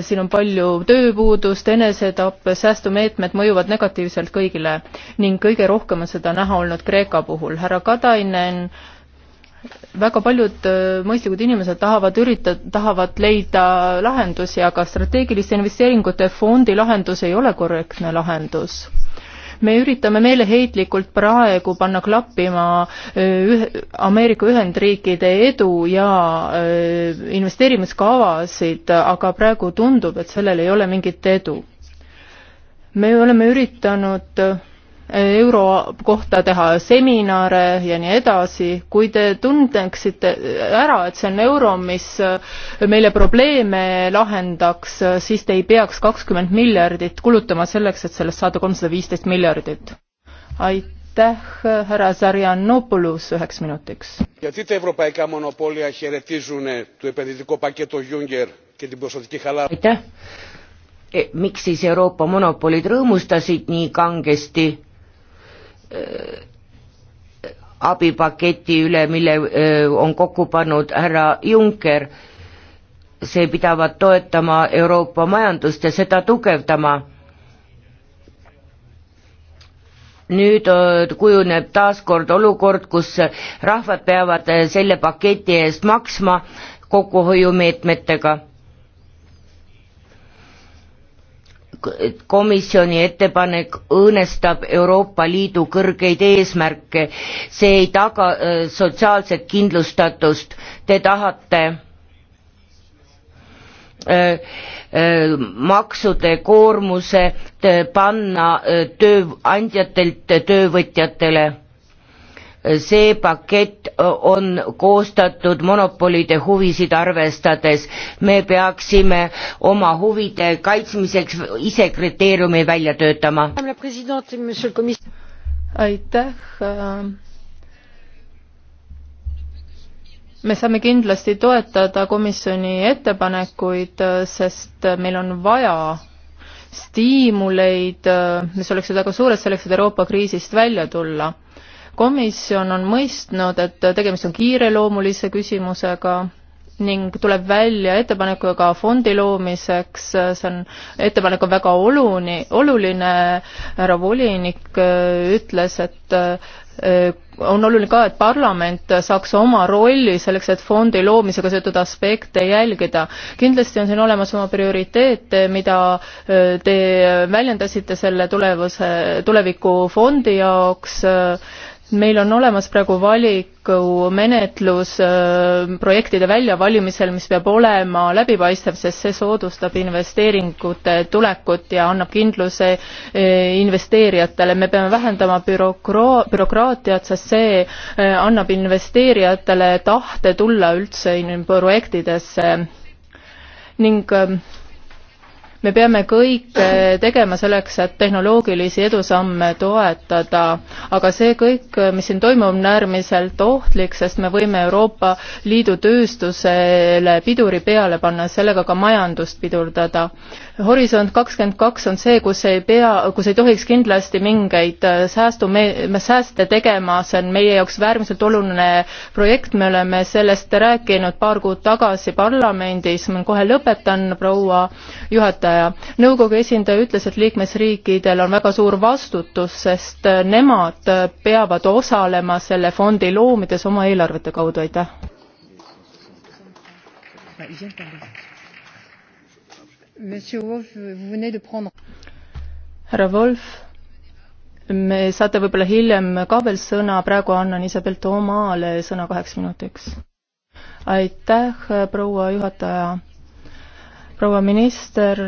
siin on palju tööpuudust, enesetappe, säästumeetmed mõjuvad negatiivselt kõigile ning kõige rohkem on seda näha olnud Kreeka puhul. härra Katainen, väga paljud äh, mõistlikud inimesed tahavad ürita-, tahavad leida lahendusi, aga strateegiliste investeeringute fondi lahendus ei ole korrektne lahendus me üritame meeleheitlikult praegu panna klappima äh, ühe, Ameerika Ühendriikide edu ja äh, investeerimiskavasid, aga praegu tundub, et sellel ei ole mingit edu. me oleme üritanud euro kohta teha seminare ja nii edasi, kui te tunneksite ära, et see on euro, mis meile probleeme lahendaks, siis te ei peaks kakskümmend miljardit kulutama selleks, et sellest saada kolmsada viisteist miljardit. aitäh, härra Zarjanopoulos, üheks minutiks. γιατί τα ευρωπαϊκά μονοπόλια χαιρετίζουν το επενδυτικό πακέτο Juncker και την προσωπική χαλάρωση miks siis Euroopa monopolid rõõmustasid nii kangesti Äh, abipaketi üle, mille äh, on kokku pannud härra Juncker, see pidavat toetama Euroopa majandust ja seda tugevdama. nüüd äh, kujuneb taaskord olukord, kus rahvad peavad selle paketi eest maksma kokkuhoiumeetmetega komisjoni ettepanek õõnestab Euroopa Liidu kõrgeid eesmärke, see ei taga äh, sotsiaalset kindlustatust, te tahate öö, äh, öö, äh, maksude koormuse panna tööandjatelt töövõtjatele see pakett on koostatud monopolide huvisid arvestades. me peaksime oma huvide kaitsmiseks ise kriteeriumi välja töötama. aitäh. me saame kindlasti toetada komisjoni ettepanekuid, sest meil on vaja stiimuleid, mis oleksid väga suured selleks, et Euroopa kriisist välja tulla komisjon on mõistnud, et tegemist on kiireloomulise küsimusega ning tuleb välja ettepanekuga fondi loomiseks, see on, ettepanek on väga oluni-, oluline, härra volinik äh, ütles, et äh, on oluline ka, et parlament saaks oma rolli selleks, et fondi loomisega seotud aspekte jälgida. kindlasti on siin olemas oma prioriteete, mida äh, te väljendasite selle tulevase, tulevikufondi jaoks meil on olemas praegu valikumenetlus äh, projektide väljavalimisel, mis peab olema läbipaistev, sest see soodustab investeeringute tulekut ja annab kindluse äh, investeerijatele. me peame vähendama bürokraa-, bürokraatiat, sest see äh, annab investeerijatele tahte tulla üldse projektidesse ning ähm, me peame kõik eh, tegema selleks, et tehnoloogilisi edusamme toetada, aga see kõik, eh, mis siin toimub, on äärmiselt ohtlik, sest me võime Euroopa Liidu tööstusele piduri peale panna, sellega ka majandust pidurdada horisont kakskümmend kaks on see, kus ei pea, kus ei tohiks kindlasti mingeid äh, säästume-, sääste tegema, see on meie jaoks äärmiselt oluline projekt, me oleme sellest rääkinud paar kuud tagasi parlamendis, ma kohe lõpetan, proua juhataja. nõukogu esindaja ütles, et liikmesriikidel on väga suur vastutus, sest äh, nemad äh, peavad osalema selle fondi loomides oma eelarvete kaudu, aitäh härra Wolf, me saate võib-olla hiljem ka veel sõna, praegu annan Isabel Toomale sõna kaheks minutiks. aitäh, proua juhataja proua minister,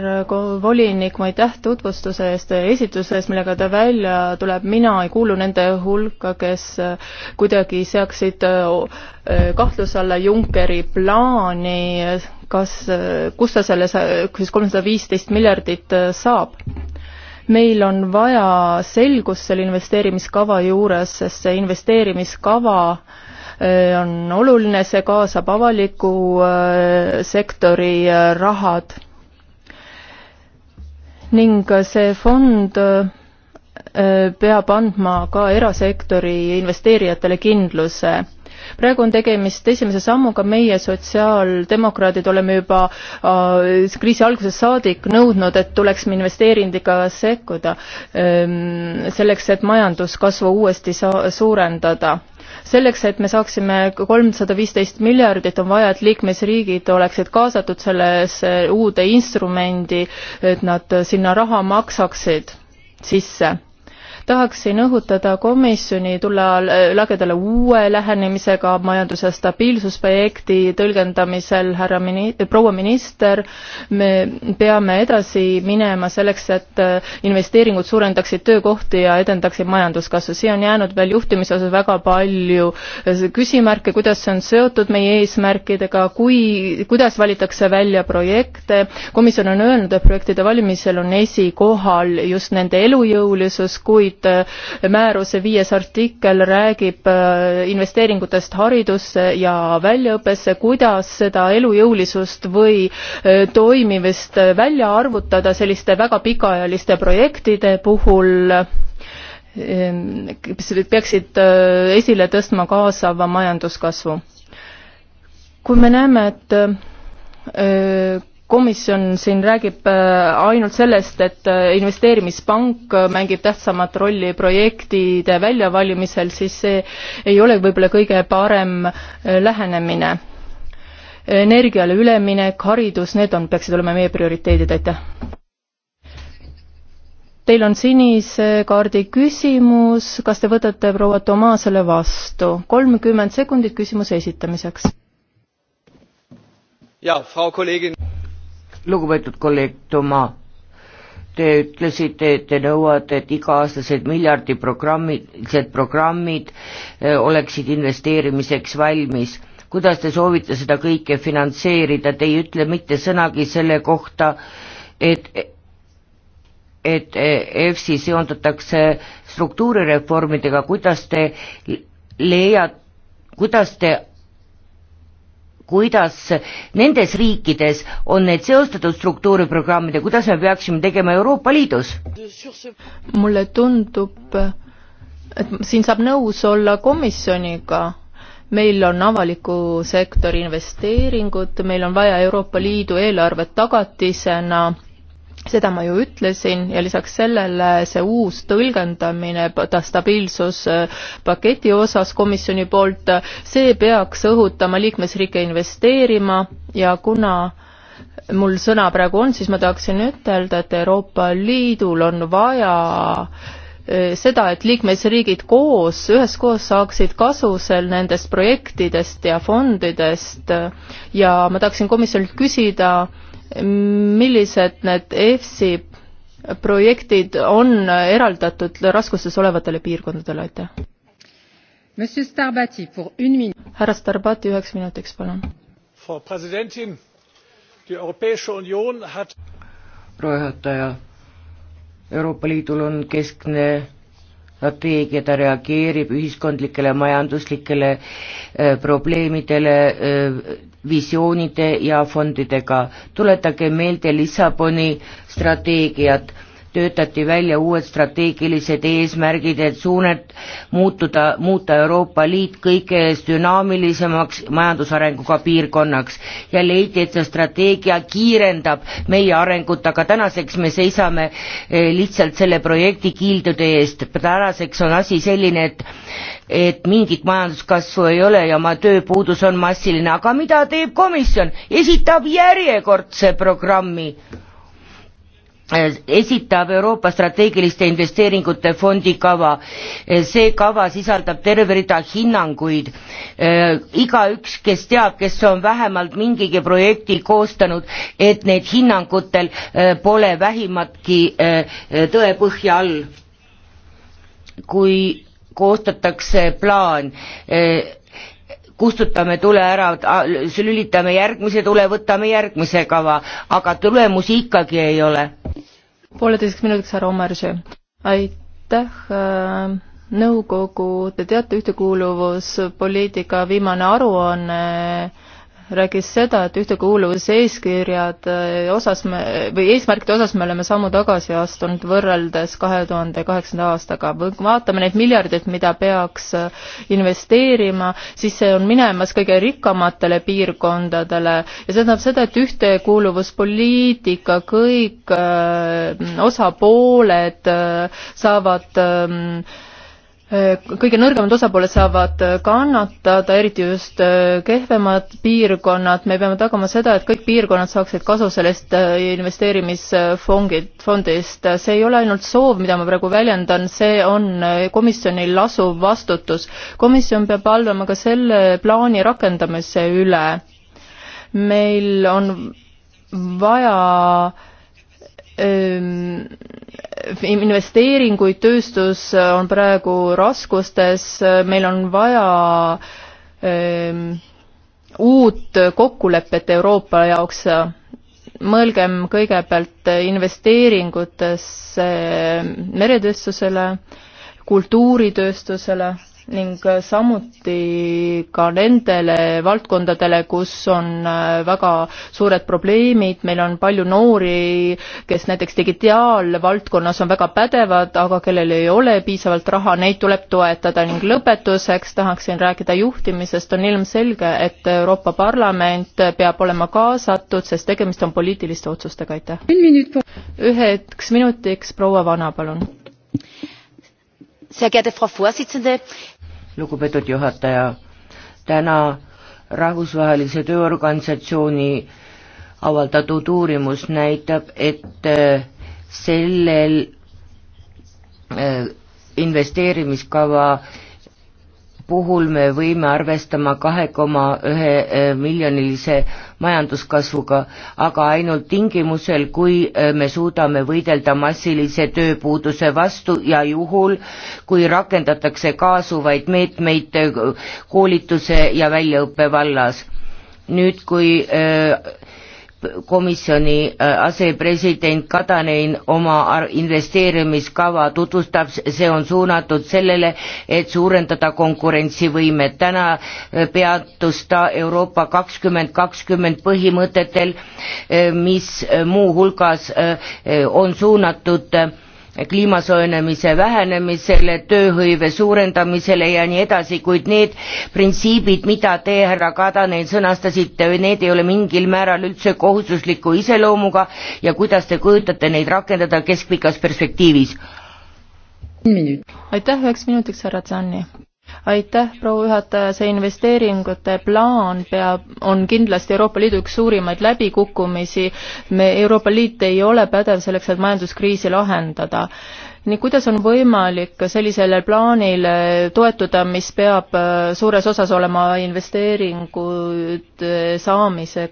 volinik, ma aitäh tutvustuse eest, esitluse eest, millega ta välja tuleb, mina ei kuulu nende hulka, kes kuidagi seaksid kahtluse alla Junckeri plaani, kas, kust ta selle, siis kolmsada viisteist miljardit saab meil on vaja selgust selle investeerimiskava juures, sest see investeerimiskava äh, Äh, on oluline, see kaasab avaliku äh, sektori äh, rahad. ning see fond peab andma ka erasektori investeerijatele kindluse praegu on tegemist esimese sammuga, meie sotsiaaldemokraadid oleme juba äh, kriisi algusest saadik nõudnud, et tuleks investeerindiga sekkuda ähm, selleks, et majanduskasvu uuesti saa-, suurendada selleks, et me saaksime kolmsada viisteist miljardit, on vaja, et liikmesriigid oleksid kaasatud sellesse uude instrumendi, et nad sinna raha maksaksid sisse tahaksin õhutada komisjoni tulla lagedale uue lähenemisega majanduse stabiilsusprojekti tõlgendamisel, härra mini-, proua minister, me peame edasi minema selleks, et investeeringud suurendaksid töökohti ja edendaksid majanduskasvu. siia on jäänud veel juhtimise osas väga palju küsimärke, kuidas see on seotud meie eesmärkidega, kui, kuidas valitakse välja projekte, komisjon on öelnud, et projektide valimisel on esikohal just nende elujõulisus, kuid liit. Äh, määruse viies artikkel räägib äh, investeeringutest haridusse ja väljaõppesse, kuidas seda elujõulisust või äh, toimimist välja arvutada selliste väga pikaajaliste projektide puhul ähm, peaksid esile tõstma kaasava majanduskasvu. kui me näeme, et komisjon siin räägib äh, ainult sellest, et äh, investeerimispank äh, mängib tähtsamat rolli projektide väljavalimisel, siis see ei ole võib-olla kõige parem lähenemine. energiale üleminek, haridus, need on, peaksid olema meie prioriteedid, aitäh. Teil on sinise kaardi küsimus, kas te võtate proua Tomasele vastu? kolmkümmend sekundit küsimuse esitamiseks. jaa, Frau Kollegin lugupeetud kolleeg Toma, te ütlesite, et te nõuate, et iga-aastased miljardi programmid, programmid eh, oleksid investeerimiseks valmis. kuidas te soovite seda kõike finantseerida, te ei ütle mitte sõnagi selle kohta, et et eh, EFSI seondatakse struktuurireformidega, kuidas te leiate, kuidas te kuidas nendes riikides on need seostatud struktuuriprogrammid ja kuidas me peaksime tegema Euroopa Liidus? mulle tundub, et siin saab nõus olla komisjoniga, meil on avaliku sektori investeeringud, meil on vaja Euroopa Liidu eelarvet tagatisena seda ma ju ütlesin ja lisaks sellele see uus tõlgendamine stabiilsuspaketi osas komisjoni poolt, see peaks õhutama liikmesriike investeerima ja kuna mul sõna praegu on, siis ma tahaksin ütelda, et Euroopa Liidul on vaja e, seda, et liikmesriigid koos, üheskoos saaksid kasu seal nendest projektidest ja fondidest ja ma tahaksin komisjonilt küsida, millised need EFSI projektid on eraldatud raskustes olevatele piirkondadele, aitäh. härra Starbati üheks minutiks, palun. proua juhataja, Euroopa Liidul on keskne strateegia, ta reageerib ühiskondlikele majanduslikele eh, probleemidele, eh, visioonide ja fondidega. tuletage meelde Lissaboni strateegiat, töötati välja uued strateegilised eesmärgid, et suunad muutuda, muuta Euroopa Liit kõige dünaamilisemaks majandusarenguga piirkonnaks ja leiti, et see strateegia kiirendab meie arengut, aga tänaseks me seisame eh, lihtsalt selle projekti kiildude eest. tänaseks on asi selline, et et mingit majanduskasvu ei ole ja ma tööpuudus on massiline, aga mida teeb komisjon, esitab järjekordse programmi äh, esitab Euroopa strateegiliste investeeringute fondi kava. Äh, see kava sisaldab terve rida hinnanguid. Äh, igaüks, kes teab, kes on vähemalt mingigi projekti koostanud, et need hinnangutel pole vähimatki tõepõhja all. kui koostatakse plaan kustutame tule ära, lülitame järgmise tule, võtame järgmise kava, aga tulemusi ikkagi ei ole. pooleteiseks minutiks, härra Omerže. aitäh, äh, nõukogu, te teate, ühtekuuluvuspoliitika viimane aruanne on rääkis seda, et ühtekuuluvuseeskirjad eh, osas me, või eesmärkide osas me oleme sammu tagasi astunud võrreldes kahe tuhande kaheksanda aastaga. kui vaatame neid miljardeid, mida peaks eh, investeerima, siis see on minemas kõige rikkamatele piirkondadele ja see tähendab seda, et ühtekuuluvuspoliitika kõik öö, eh, osapooled öö, saavad öö, Äh, kõige nõrgemad osapooled saavad äh, kannatada, eriti just äh, kehvemad piirkonnad, me peame tagama seda, et kõik piirkonnad saaksid kasu sellest investeerimisfondid, fondist. see ei ole ainult soov, mida ma praegu väljendan, see on komisjonil lasuv vastutus. komisjon peab valvama ka selle plaani rakendamise üle. meil on vaja investeeringuid, tööstus on praegu raskustes, meil on vaja uut kokkulepet Euroopa jaoks mõelgem kõigepealt investeeringutesse meretööstusele, kultuuritööstusele ning samuti ka nendele valdkondadele, kus on äh, väga suured probleemid, meil on palju noori, kes näiteks digitaalvaldkonnas on väga pädevad, aga kellel ei ole piisavalt raha, neid tuleb toetada ning lõpetuseks tahaksin rääkida juhtimisest, on ilmselge, et Euroopa Parlament peab olema kaasatud, sest tegemist on poliitiliste otsustega, aitäh. üheks minutiks proua Vana, palun sehr geehrte frau präsidentin! lugupeetud juhataja. täna rahvusvahelise tööorganisatsiooni avaldatud uurimus näitab, et äh, sellel äh, investeerimiskava puhul me võime arvestama kahe koma ühe miljonilise majanduskasvuga, aga ainult tingimusel, kui äh, me suudame võidelda massilise tööpuuduse vastu ja juhul, kui rakendatakse kaasuvaid meetmeid äh, koolituse ja väljaõppe vallas. nüüd, kui öö, äh, komisjoni äh, asepresident Kadanein oma investeerimiskava tutvustab, see on suunatud sellele, et suurendada konkurentsivõimet. täna äh, peatus ta Euroopa kakskümmend kakskümmend põhimõtetel, äh, mis muuhulgas on suunatud kliima soojenemise vähenemisele, tööhõive suurendamisele ja nii edasi, kuid need printsiibid, mida te, härra Kadanen, sõnastasite, need ei ole mingil määral üldse kohustusliku iseloomuga ja kuidas te kujutate neid rakendada keskpikas perspektiivis? aitäh üheks minutiks, härra Tsanni aitäh, proua juhataja, see investeeringute plaan peab, on kindlasti Euroopa Liidu üks suurimaid läbikukkumisi, me, Euroopa Liit ei ole pädev selleks, et majanduskriisi lahendada nii kuidas on võimalik sellisele plaanile toetuda, mis peab äh, suures osas olema investeeringud äh, saamise,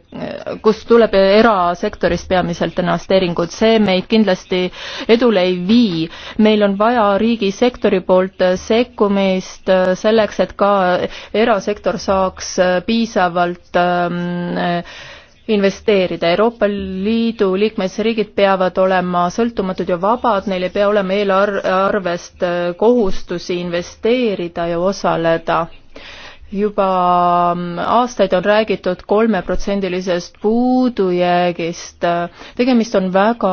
kus tuleb erasektorist peamiselt investeeringud, see meid kindlasti edule ei vii. meil on vaja riigisektori poolt sekkumist äh, selleks, et ka erasektor saaks piisavalt ähm, investeerida. Euroopa Liidu liikmesriigid peavad olema sõltumatud ja vabad, neil ei pea olema eelarvest kohustusi investeerida ja osaleda juba mm, aastaid on räägitud kolmeprotsendilisest puudujäägist. tegemist on väga,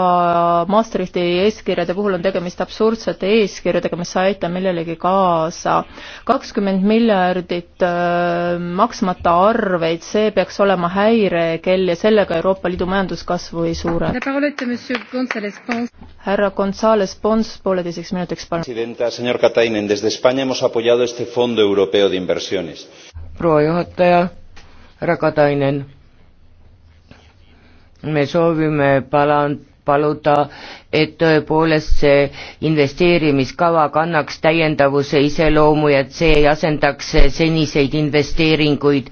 Maastrichti eeskirjade puhul on tegemist absurdsete eeskirjadega, mis ei aita millelegi kaasa. kakskümmend miljardit äh, maksmata arveid, see peaks olema häirekell ja sellega Euroopa Liidu majanduskasvu ei suure. härra Gonzales Pons, pooleteiseks minutiks palun. Presidenta, señor Katainen, desde España hemos apoyado este fondo europeo de inversiones proua juhataja, härra Katainen, me soovime pala-, paluda et tõepoolest see investeerimiskava kannaks täiendavuse iseloomu ja et see ei asendaks seniseid investeeringuid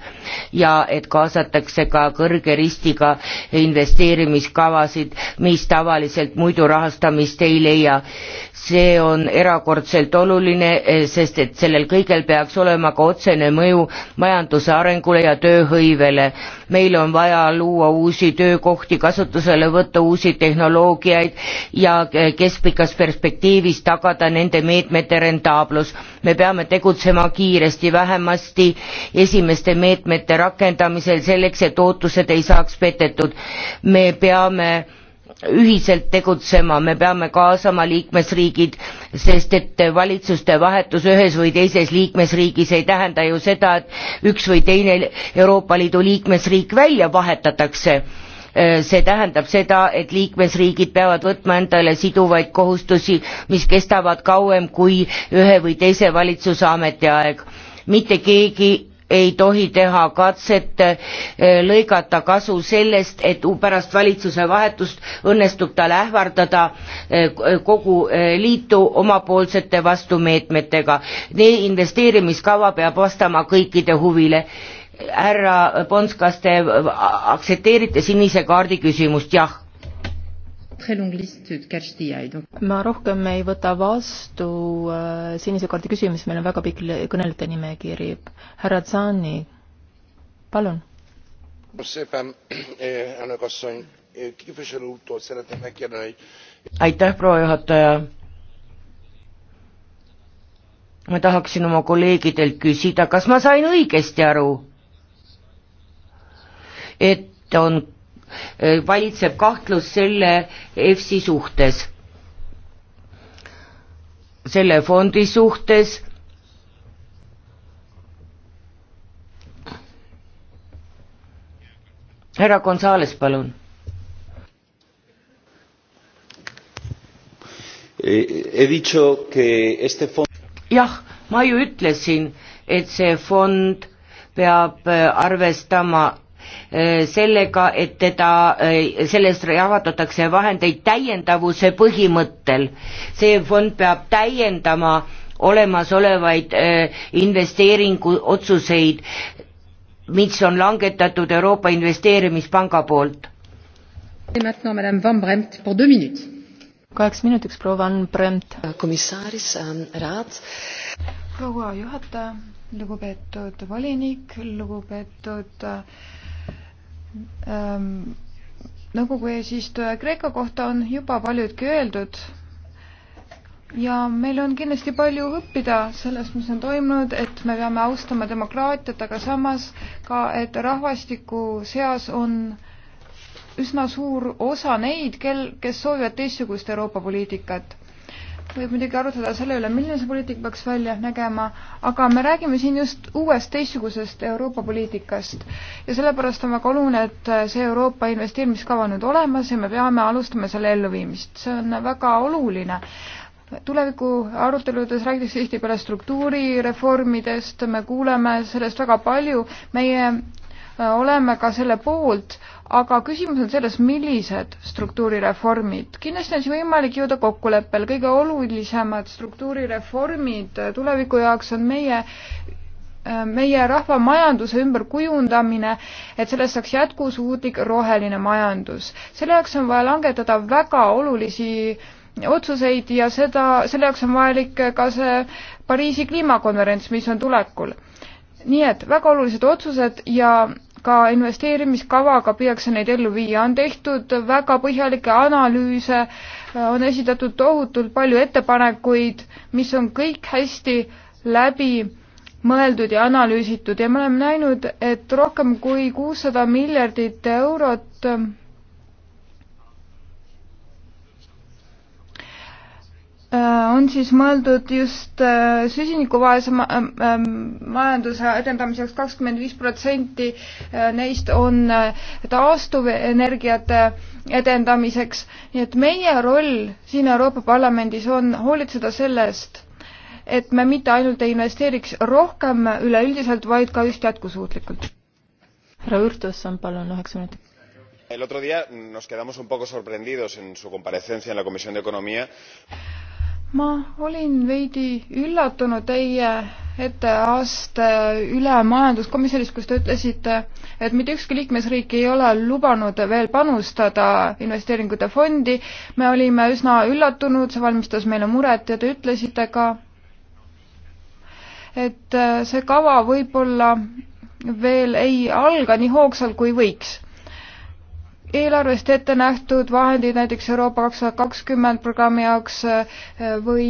ja et kaasatakse ka kõrge ristiga investeerimiskavasid, mis tavaliselt muidu rahastamist ei leia see on erakordselt oluline, eh, sest et sellel kõigel peaks olema ka otsene mõju majanduse arengule ja tööhõivele. meil on vaja luua uusi töökohti, kasutusele võtta uusi tehnoloogiaid ja keskpikas perspektiivis tagada nende meetmete rentaablus. me peame tegutsema kiiresti, vähemasti esimeste meetmete rakendamisel selleks, et ootused ei saaks petetud. me peame ühiselt tegutsema me peame kaasama liikmesriigid sest et valitsuste vahetus ühes või teises liikmesriigis ei tähenda ju seda et üks või teine euroopa liidu liikmesriik välja vahetatakse Äh, see tähendab seda, et liikmesriigid peavad võtma endale siduvaid kohustusi, mis kestavad kauem kui ühe või teise valitsuse ametiaeg. mitte keegi ei tohi teha katset äh, lõigata kasu sellest, et pärast valitsuse vahetust õnnestub tal ähvardada äh, kogu liitu omapoolsete vastumeetmetega. investeerimiskava peab vastama kõikide huvile härra Pons, kas te aktsepteerite sinise kaardi küsimust, jah? ma rohkem ei võta vastu äh, sinise kaardi küsimusi, meil on väga pikk kõnelejate nimekiri. härra Tsani, palun. Eh, eh, aitäh, proua juhataja ma tahaksin oma kolleegidelt küsida, kas ma sain õigesti aru? et on, äh, valitseb kahtlus selle EFSi suhtes, selle fondi suhtes härra Gonzales, palun. E, jah, ma ju ütlesin, et see fond peab äh, arvestama Eh, sellega, et teda, eh, sellest jagatakse vahendeid täiendavuse põhimõttel. see fond peab täiendama olemasolevaid eh, investeeringuotsuseid, mis on langetatud Euroopa Investeerimispanga poolt. kaheks minutiks proua Van Bremt. Äh, komissaris ähm,, raad. proua juhataja, lugupeetud volinik, lugupeetud äh, ähm, nõukogu eesistuja Kreeka kohta on juba paljudki öeldud ja meil on kindlasti palju õppida sellest, mis on toimunud, et me peame austama demokraatiat, aga samas ka, et rahvastiku seas on üsna suur osa neid, kel, kes soovivad teistsugust Euroopa poliitikat võib muidugi arutleda selle üle, milline see poliitika peaks välja nägema, aga me räägime siin just uuest teistsugusest Euroopa poliitikast. ja sellepärast on väga oluline, et see Euroopa investeerimiskava on nüüd olemas ja me peame alustama selle elluviimist, see on väga oluline. tuleviku aruteludes räägitakse tihtipeale struktuurireformidest, me kuuleme sellest väga palju, meie äh, oleme ka selle poolt, aga küsimus on selles, millised struktuurireformid. kindlasti on siin võimalik jõuda kokkuleppele, kõige olulisemad struktuurireformid äh, tuleviku jaoks on meie äh, meie rahva majanduse ümberkujundamine, et sellest saaks jätkusuutlik roheline majandus. selle jaoks on vaja langetada väga olulisi otsuseid ja seda, selle jaoks on vajalik ka see Pariisi kliimakonverents, mis on tulekul. nii et väga olulised otsused ja ka investeerimiskavaga püüakse neid ellu viia, on tehtud väga põhjalikke analüüse, on esitatud tohutult palju ettepanekuid, mis on kõik hästi läbi mõeldud ja analüüsitud ja me oleme näinud, et rohkem kui kuussada miljardit eurot Äh, on siis mõeldud just äh, süsinikuvaese äh, majanduse edendamiseks kakskümmend viis protsenti neist on taastuvenergiate edendamiseks, nii et meie roll siin Euroopa Parlamendis on hoolitseda sellest, et me mitte ainult ei investeeriks rohkem üleüldiselt, vaid ka just jätkusuutlikult. härra Ürtus on palun üheksa minutit el otro día nos quedamos un poco sorprendidos en su comparecencia en la Comisión de Economía. ma olin veidi üllatunud teie etteaste üle majanduskomisjonis, kus te ütlesite, et mitte ükski liikmesriik ei ole lubanud veel panustada investeeringute fondi. me olime üsna üllatunud, see valmistas meile muret ja te ütlesite ka, et see kava võib-olla veel ei alga nii hoogsalt, kui võiks eelarvest ette nähtud vahendid näiteks Euroopa kaks tuhat kakskümmend programmi jaoks äh, või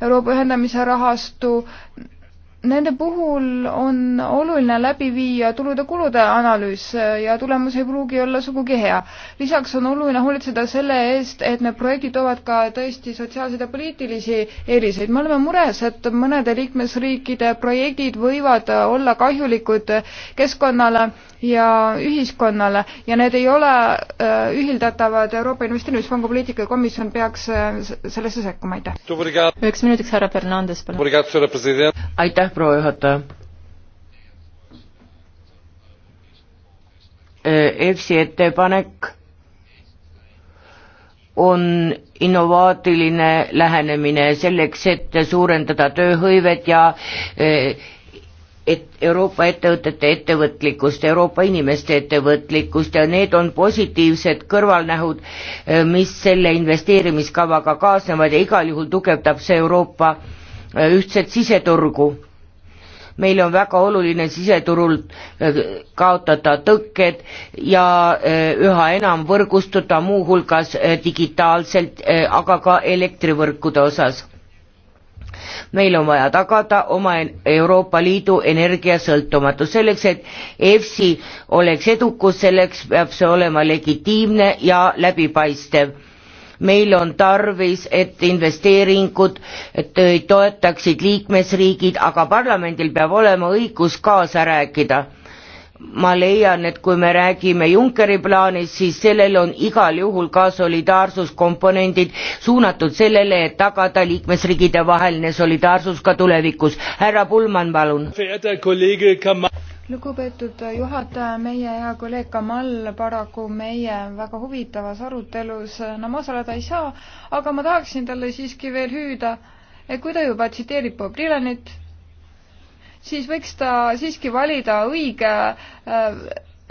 Euroopa ühendamise rahastu Nende puhul on oluline läbi viia tulude-kulude analüüs ja tulemus ei pruugi olla sugugi hea. lisaks on oluline hoolitseda selle eest, et need projektid toovad ka tõesti sotsiaalseid ja poliitilisi eeliseid. me oleme mures, et mõnede liikmesriikide projektid võivad olla kahjulikud keskkonnale ja ühiskonnale ja need ei ole äh, ühildatavad Euroopa Investeerimispanga poliitika ja komisjon peaks äh, sellesse sekkuma, aitäh. üheks minutiks, härra Fernandes, palun. aitäh proua juhataja. Äh, EFSi ettepanek on innovaatiline lähenemine selleks, et suurendada tööhõivet ja äh, et Euroopa ettevõtete ettevõtlikkust, Euroopa inimeste ettevõtlikkust ja need on positiivsed kõrvalnähud, äh, mis selle investeerimiskavaga kaasnevad ja igal juhul tugevdab see Euroopa ühtset siseturgu meile on väga oluline siseturul äh, kaotada tõkked ja äh, üha enam võrgustuda muuhulgas äh, digitaalselt, aga ka elektrivõrkude osas. meil on vaja tagada oma Euroopa Liidu energiasõltumatus, selleks et EFSI oleks edukus, selleks peab see olema legitiimne ja läbipaistev meil on tarvis, et investeeringud et toetaksid liikmesriigid, aga parlamendil peab olema õigus kaasa rääkida. ma leian, et kui me räägime Junckeri plaanist, siis sellel on igal juhul ka solidaarsuskomponendid suunatud sellele, et tagada liikmesriigide vaheline solidaarsus ka tulevikus. härra Pullmann, palun lugupeetud juhataja, meie hea kolleeg Kamal paraku meie väga huvitavas arutelus enam no, osaleda ei saa, aga ma tahaksin talle siiski veel hüüda, et kui ta juba tsiteerib Bob Dylanit, siis võiks ta siiski valida õige äh,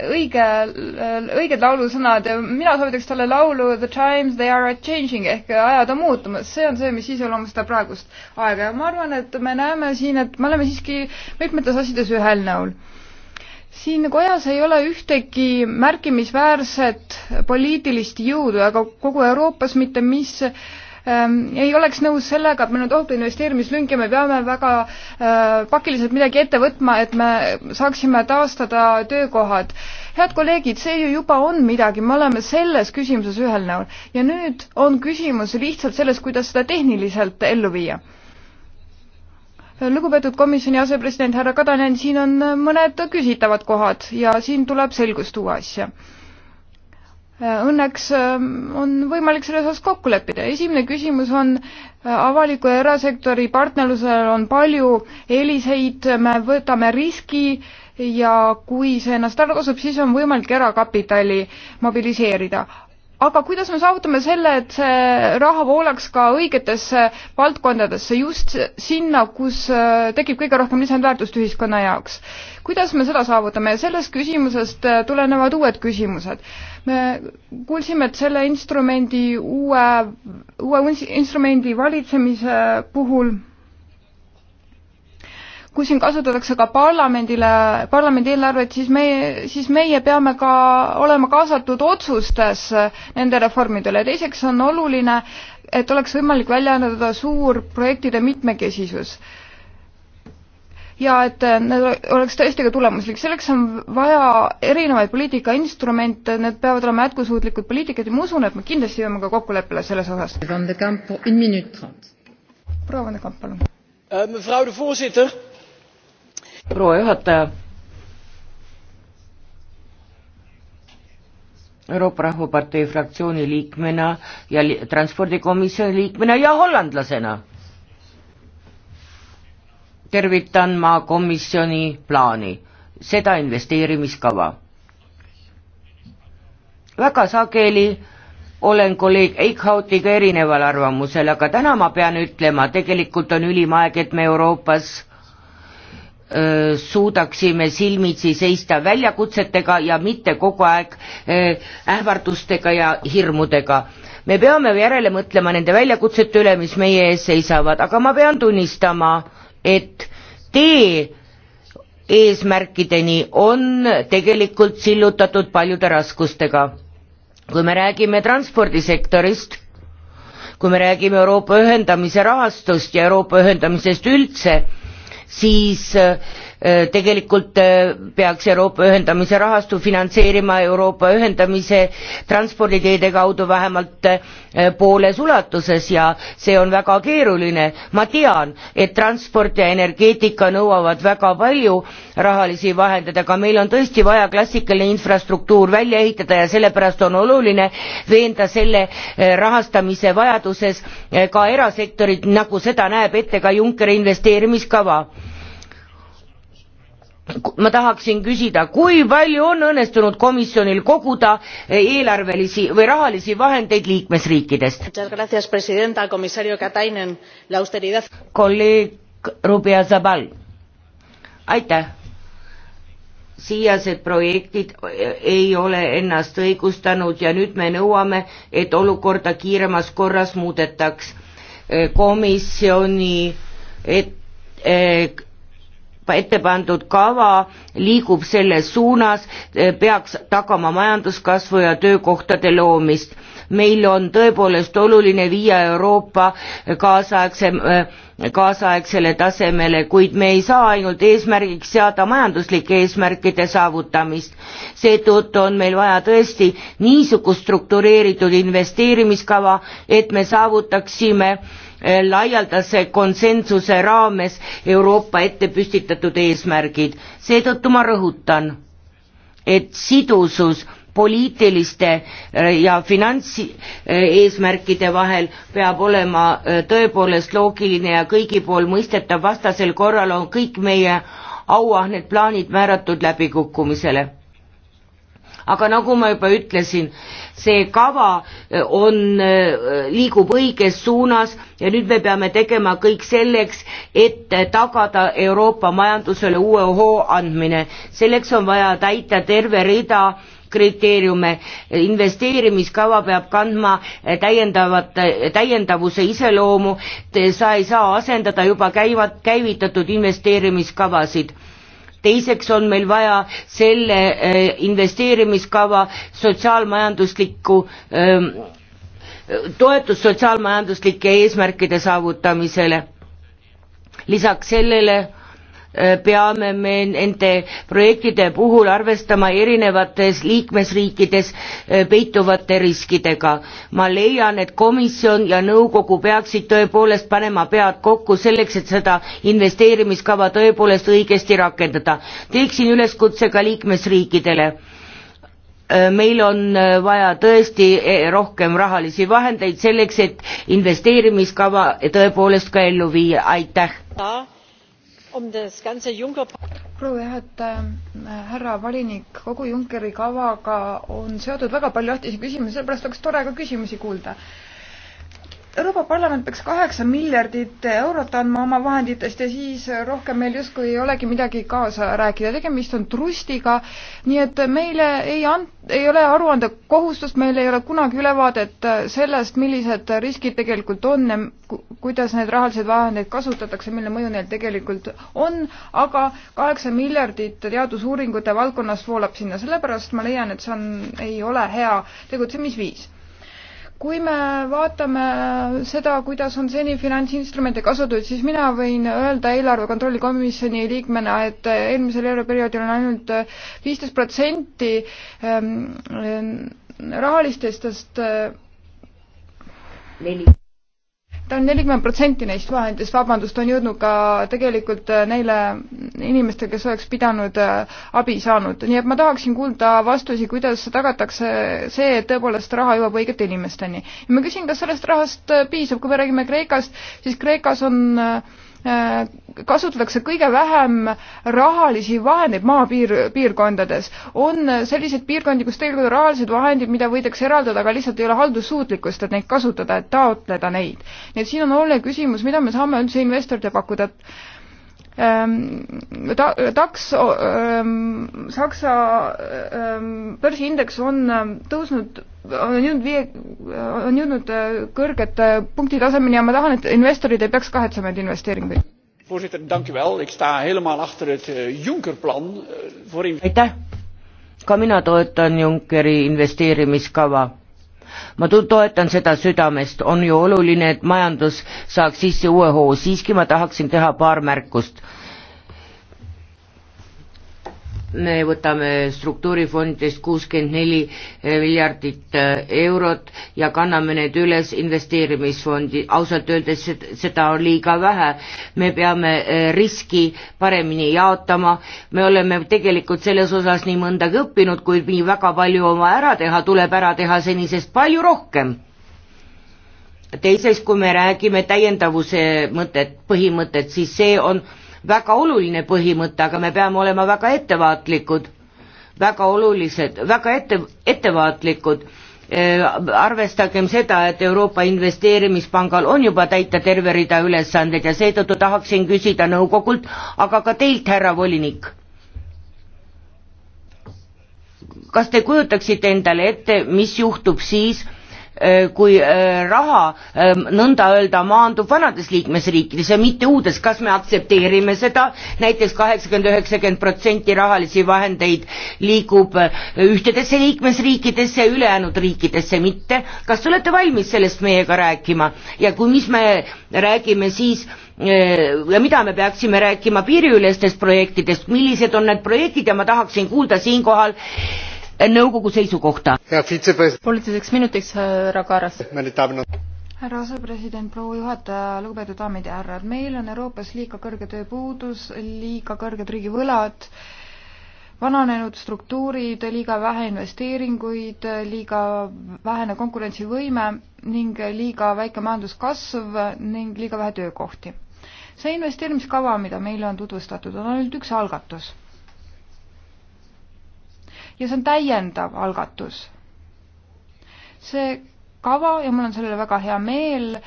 õige, äh, õiged laulusõnad, mina soovitaks talle laulu The times they are changing ehk ajad on muutumas, see on see, mis iseloomustab praegust aega ja ma arvan, et me näeme siin, et me oleme siiski mitmetes asjades ühel nõul siin kojas ei ole ühtegi märkimisväärset poliitilist jõudu, aga kogu Euroopas mitte mis ähm, ei oleks nõus sellega, et meil on tohutu investeerimislünk ja me peame väga äh, pakiliselt midagi ette võtma, et me saaksime taastada töökohad. head kolleegid, see ju juba on midagi, me oleme selles küsimuses ühel näol ja nüüd on küsimus lihtsalt selles, kuidas seda tehniliselt ellu viia lugupeetud komisjoni asepresident härra Kadanen, siin on mõned küsitavad kohad ja siin tuleb selgust tuua asja. Õnneks ähm, on võimalik selles osas kokku leppida. esimene küsimus on, äh, avaliku ja erasektori partnerlusel on palju eeliseid, me võtame riski ja kui see ennast ära tasub, siis on võimalik erakapitali mobiliseerida aga kuidas me saavutame selle, et see raha voolaks ka õigetesse valdkondadesse, just sinna, kus äh, tekib kõige rohkem lisandväärtust ühiskonna jaoks? kuidas me seda saavutame ja sellest küsimusest äh, tulenevad uued küsimused. me kuulsime, et selle instrumendi uue, uue instrumendi valitsemise puhul kui siin kasutatakse ka parlamendile, parlamendi eelarvet, siis meie, siis meie peame ka olema kaasatud otsustes nende reformide üle. teiseks on oluline, et oleks võimalik välja arendada suur projektide mitmekesisus ja et need oleks tõesti ka tulemuslik. selleks on vaja erinevaid poliitikainstrumente, need peavad olema jätkusuutlikud poliitikad ja ma usun, et me kindlasti jõuame ka kokkuleppele selles osas. proua Vandekamp, palun. Eh, proua juhataja. Euroopa Rahvapartei fraktsiooni liikmena ja li transpordikomisjoni liikmena ja hollandlasena tervitan ma komisjoni plaani, seda investeerimiskava. väga sageli olen kolleeg Eichhautiga erineval arvamusel, aga täna ma pean ütlema, tegelikult on ülim aeg, et me Euroopas suudaksime silmitsi seista väljakutsetega ja mitte kogu aeg ähvardustega ja hirmudega. me peame järele mõtlema nende väljakutsete üle, mis meie ees seisavad, aga ma pean tunnistama, et tee eesmärkideni on tegelikult sillutatud paljude raskustega. kui me räägime transpordisektorist, kui me räägime Euroopa ühendamise rahastust ja Euroopa ühendamisest üldse, siis äh, Äh, tegelikult äh, peaks Euroopa ühendamise rahastu finantseerima Euroopa ühendamise transporditeede kaudu vähemalt äh, pooles ulatuses ja see on väga keeruline. ma tean, et transport ja energeetika nõuavad väga palju rahalisi vahendeid, aga meil on tõesti vaja klassikaline infrastruktuur välja ehitada ja sellepärast on oluline veenda selle rahastamise vajaduses ka erasektorit, nagu seda näeb ette ka Junckeri investeerimiskava ma tahaksin küsida, kui palju on õnnestunud komisjonil koguda eh, eelarvelisi või rahalisi vahendeid liikmesriikidest? kolleeg Rubia Zabal, aitäh. siiased projektid eh, ei ole ennast õigustanud ja nüüd me nõuame, et olukorda kiiremas korras muudetaks. Eh, komisjoni et, et ette pandud kava liigub selles suunas, eh, peaks tagama majanduskasvu ja töökohtade loomist. meil on tõepoolest oluline viia Euroopa kaasaegse, eh, kaasaegsele tasemele, kuid me ei saa ainult eesmärgiks seada majanduslike eesmärkide saavutamist. seetõttu on meil vaja tõesti niisugust struktureeritud investeerimiskava, et me saavutaksime laialdase konsensuse raames Euroopa ette püstitatud eesmärgid. seetõttu ma rõhutan, et sidusus poliitiliste äh, ja finantseesmärkide äh, vahel peab olema äh, tõepoolest loogiline ja kõigi pool mõistetav, vastasel korral on kõik meie auahned plaanid määratud läbikukkumisele aga nagu ma juba ütlesin, see kava äh, on, äh, liigub õiges suunas ja nüüd me peame tegema kõik selleks, et tagada Euroopa majandusele uue hoo andmine. selleks on vaja täita terve rida kriteeriume, investeerimiskava peab kandma äh, täiendavat, täiendavuse iseloomu, sa ei saa asendada juba käivat, käivitatud investeerimiskavasid teiseks on meil vaja selle äh, investeerimiskava sotsiaalmajanduslikku ähm, toetust sotsiaalmajanduslike eesmärkide saavutamisele. lisaks sellele Äh, peame me nende projektide puhul arvestama erinevates liikmesriikides äh, peituvate riskidega. ma leian, et komisjon ja nõukogu peaksid tõepoolest panema pead kokku selleks, et seda investeerimiskava tõepoolest õigesti rakendada. teeksin üleskutse ka liikmesriikidele äh, meil on vaja tõesti rohkem rahalisi vahendeid selleks, et investeerimiskava tõepoolest ka ellu viia, aitäh! Um proua juhataja, härra volinik, kogu Junckeri kavaga on seotud väga palju lahtisi küsimusi, sellepärast oleks tore ka küsimusi kuulda Euroopa Parlament peaks kaheksa miljardit eurot andma oma vahenditest ja siis rohkem meil justkui ei olegi midagi kaasa rääkida, tegemist on trustiga, nii et meile ei ant-, ei ole aruandekohustust, meil ei ole kunagi ülevaadet sellest, millised riskid tegelikult on ja kuidas neid rahalised vahendeid kasutatakse, milline mõju neil tegelikult on, aga kaheksa miljardit teadusuuringute valdkonnas voolab sinna, sellepärast ma leian, et see on, ei ole hea tegutsemisviis kui me vaatame seda, kuidas on seni finantsinstrumente kasutatud, siis mina võin öelda eelarve kontrolli komisjoni liikmena, et eelmisel eelarveperioodil on ainult viisteist protsenti ähm, ähm, rahalistest äh, neli tal nelikümmend protsenti neist vahendist, vabandust, on jõudnud ka tegelikult äh, neile inimestele, kes oleks pidanud äh, abi saanud. nii et ma tahaksin kuulda vastusi, kuidas tagatakse see, et tõepoolest raha jõuab õigete inimesteni. ja ma küsin, kas sellest rahast äh, piisab, kui me räägime Kreekast, siis Kreekas on äh, Äh, kasutatakse kõige vähem rahalisi vahendeid maapiir, piirkondades. on selliseid piirkondi, kus tegelikult on rahalised vahendid, mida võidakse eraldada, aga lihtsalt ei ole haldussuutlikkust, et neid kasutada, et taotleda neid. nii et siin on oluline küsimus, mida me saame üldse investorite pakkuda, et Ähm, ta-, taks, ähm, Saksa ähm, börsiindeks on tõusnud, on jõudnud viie, on jõudnud äh, kõrgete äh, punkti tasemeni ja ma tahan, et investorid ei peaks kahetsema neid investeeringuid. voorzitter, dank u wel, ik sta helemaal achter het eh, Juncker plan eh, voor aitäh, ka mina toetan Junckeri investeerimiskava ma toetan seda südamest, on ju oluline, et majandus saaks sisse uue hoo, siiski ma tahaksin teha paar märkust me võtame struktuurifondidest kuuskümmend neli eh, miljardit eh, eurot ja kanname need üles investeerimisfondi, ausalt öeldes seda on liiga vähe, me peame eh, riski paremini jaotama, me oleme tegelikult selles osas nii mõndagi õppinud, kuid nii väga palju on vaja ära teha, tuleb ära teha senisest palju rohkem teiseks, kui me räägime täiendavuse mõtet, põhimõtet, siis see on äh, väga oluline põhimõte, aga me peame olema väga ettevaatlikud, väga olulised, väga ette, ettevaatlikud äh, arvestagem seda, et Euroopa Investeerimispangal on juba täita terve rida ülesandeid ja seetõttu tahaksin küsida nõukogult, aga ka teilt, härra volinik. kas te kujutaksite endale ette, mis juhtub siis, Äh, kui äh, raha ähm, nõnda öelda maandub vanades liikmesriikides ja mitte uudes, kas me aktsepteerime seda näiteks, näiteks kaheksakümmend, üheksakümmend protsenti rahalisi vahendeid liigub äh, ühtedesse liikmesriikidesse, ülejäänud riikidesse mitte, kas te olete valmis sellest meiega rääkima ja kui, mis me räägime siis ja mida me peaksime rääkima piiriülestest projektidest, millised on need projektid ja ma tahaksin kuulda siinkohal Äh, nõukogu seisukohta. poliitiliseks minutiks härra Kaaras. härra asepresident, proua juhataja, lugupeetud daamid ja härrad, meil on Euroopas liiga kõrge tööpuudus, liiga kõrged riigivõlad, vananenud struktuurid, liiga vähe investeeringuid, liiga vähene konkurentsivõime ning liiga väike majanduskasv ning liiga vähe töökohti. see investeerimiskava, mida meile on tutvustatud, on ainult üks algatus ja see on täiendav algatus. see kava ja mul on selle üle väga hea meel,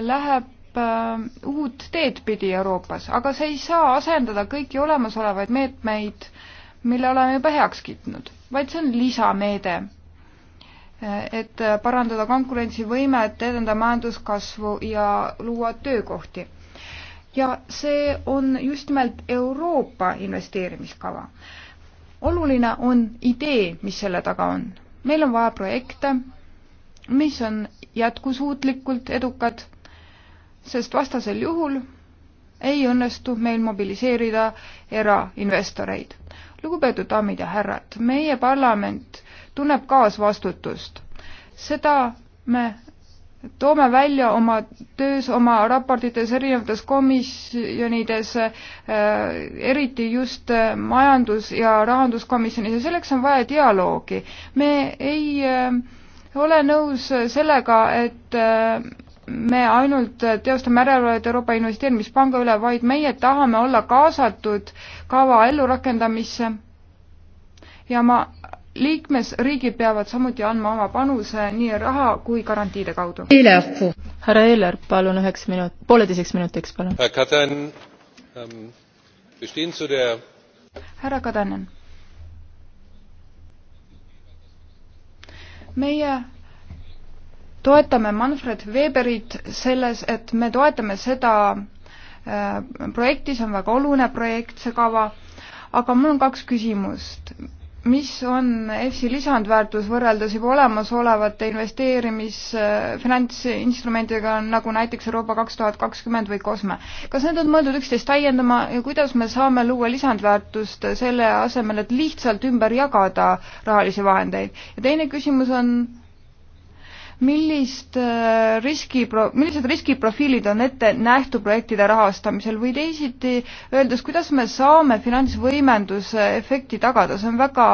läheb äh, uut teed pidi Euroopas, aga see ei saa asendada kõiki olemasolevaid meetmeid, mille oleme juba heaks kiitnud, vaid see on lisameede, äh, et parandada konkurentsivõimet, edendada majanduskasvu ja luua töökohti ja see on just nimelt Euroopa investeerimiskava oluline on idee, mis selle taga on. meil on vaja projekte, mis on jätkusuutlikult edukad, sest vastasel juhul ei õnnestu meil mobiliseerida erainvestoreid. lugupeetud daamid ja härrad, meie parlament tunneb kaasvastutust. seda me toome välja oma töös, oma raportites, erinevates komisjonides, äh, eriti just äh, majandus- ja rahanduskomisjonis ja selleks on vaja dialoogi. me ei äh, ole nõus sellega, et me ainult teostame järelevalvet Euroopa Investeerimispanga üle, vaid meie tahame olla kaasatud kava ellurakendamisse ja ma liikmesriigid peavad samuti andma oma panuse nii raha kui garantiide kaudu. härra Eiler, palun üheks minut-, pooleteiseks minutiks, palun. Ähm, härra Kadanen. meie toetame Manfred Weberit selles, et me toetame seda äh, projekti, see on väga oluline projekt, see kava, aga mul on kaks küsimust mis on EFSI lisandväärtus võrreldes juba olemasolevate investeerimisfinantsinstrumentidega, nagu näiteks Euroopa kaks tuhat kakskümmend või COSME. kas need on mõeldud üksteist täiendama ja kuidas me saame luua lisandväärtust selle asemel, et lihtsalt ümber jagada rahalisi vahendeid? ja teine küsimus on millist äh, riski, millised riskiprofiilid on ette nähtud projektide rahastamisel või teisiti öeldes, kuidas me saame finantsvõimenduse efekti tagada, see on väga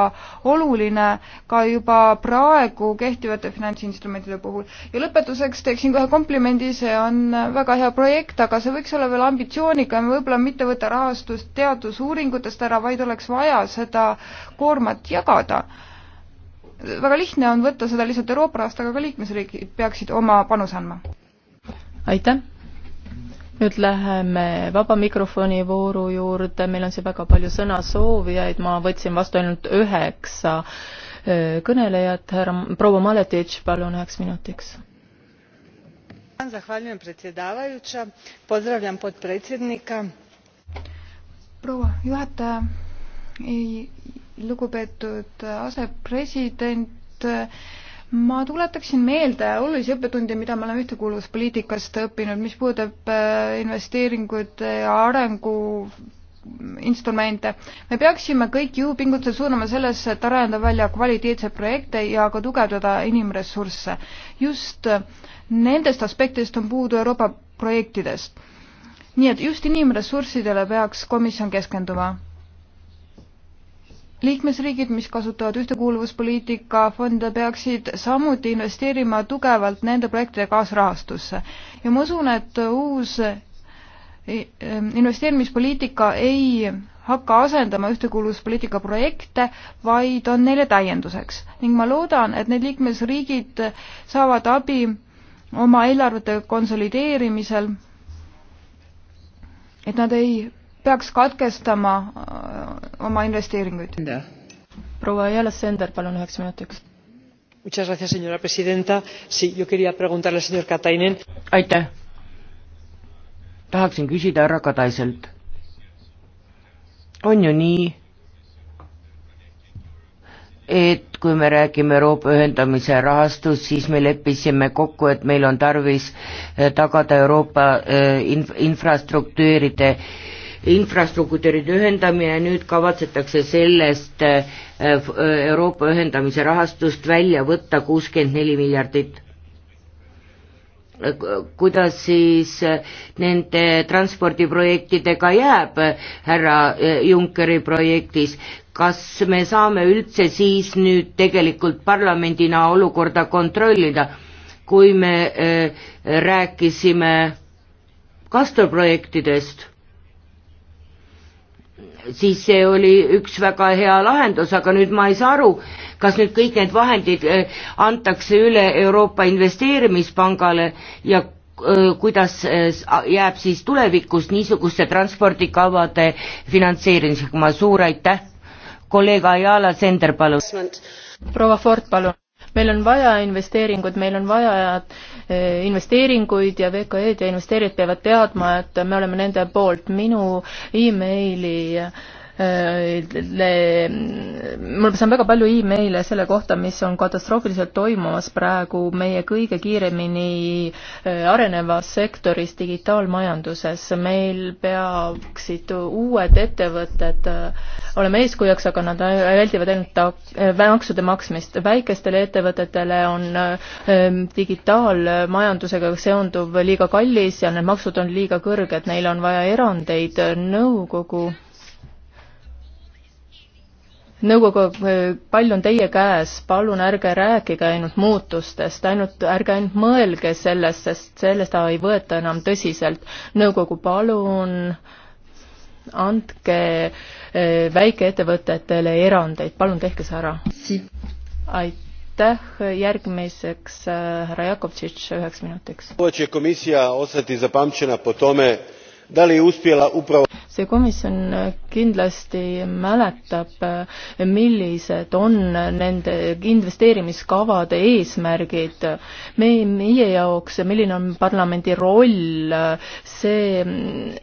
oluline ka juba praegu kehtivate finantsinstrumentide puhul. ja lõpetuseks teeksin kohe komplimendi, see on väga hea projekt, aga see võiks olla veel ambitsioonikam, võib-olla mitte võtta rahastust teadusuuringutest ära, vaid oleks vaja seda koormat jagada väga lihtne on võtta seda lihtsalt Euroopa rahast, aga ka liikmesriigid peaksid oma panuse andma. aitäh! nüüd läheme vaba mikrofoni vooru juurde, meil on siin väga palju sõnasoovijaid, ma võtsin vastu ainult üheksa äh, kõnelejat, härra, proua Maletitš, palun üheks minutiks. proua juhataja, lugupeetud asepresident, ma tuletaksin meelde olulisi õppetunde, mida me oleme ühtekuuluvuspoliitikast õppinud, mis puudutab äh, investeeringuid ja arengu instrumente. me peaksime kõik jõupingutused suunama sellesse, et arendada välja kvaliteetseid projekte ja ka tugevdada inimressursse. just nendest aspektidest on puudu Euroopa projektidest. nii et just inimressurssidele peaks komisjon keskenduma liikmesriigid, mis kasutavad ühtekuuluvuspoliitika fonde, peaksid samuti investeerima tugevalt nende projektide kaasrahastusse. ja ma usun, et uus e, e, investeerimispoliitika ei hakka asendama ühtekuuluvuspoliitika projekte, vaid on neile täienduseks ning ma loodan, et need liikmesriigid saavad abi oma eelarvete konsolideerimisel, et nad ei peaks katkestama äh, oma investeeringuid. proua Ayala Sender, palun üheks minutiks. señora presidenta sí yo quería preguntarle al señor katainen aitäh tahaksin küsida härra Kadaiselt on ju nii et kui me räägime Euroopa ühendamise rahastust, siis me leppisime kokku, et meil on tarvis eh, tagada Euroopa eh, inf-, infrastruktuuride äh, infrastruktuuride ühendamine, nüüd kavatsetakse sellest äh, äh, Euroopa ühendamise rahastust välja võtta kuuskümmend neli miljardit. Äh, kuidas siis nende transpordiprojektidega jääb härra Junckeri projektis, kas me saame üldse siis nüüd tegelikult parlamendina olukorda kontrollida, kui me rääkisime Castor projektidest siis see oli üks väga hea lahendus, aga nüüd ma ei saa aru, kas nüüd kõik need vahendid äh, antakse üle Euroopa Investeerimispangale ja äh, kuidas äh, jääb siis tulevikus niisuguste transpordikavade finantseerimisega, ma suur aitäh, kolleeg Ayala Sender, palun. proua Ford, palun meil on vaja investeeringuid, meil on vaja eh, investeeringuid ja VKE-d ja investeerijad peavad teadma, et me oleme nende poolt. minu emaili äh, Äh, ma saan väga palju emaile selle kohta, mis on katastroofiliselt toimumas praegu meie kõige kiiremini äh, arenevas sektoris, digitaalmajanduses. meil peaksid uued ettevõtted äh, olema eeskujuks, aga nad väldivad ainult maksude maksmist. väikestele ettevõtetele on ähm, digitaalmajandusega seonduv liiga kallis ja need maksud on liiga kõrged, neil on vaja erandeid, nõukogu nõukogu, äh, pall on teie käes, palun ärge rääkige ainult muutustest, ainult, ärge ainult mõelge sellest, sest sellest ei võeta enam tõsiselt. nõukogu, palun andke äh, väikeettevõtetele erandeid, palun tehke see ära. aitäh, järgmiseks äh, härra Jakovtšitš üheks minutiks da li je uspjela upravo see komisjon kindlasti mäletab, millised on nende investeerimiskavade eesmärgid. me, meie jaoks, milline on parlamendi roll, see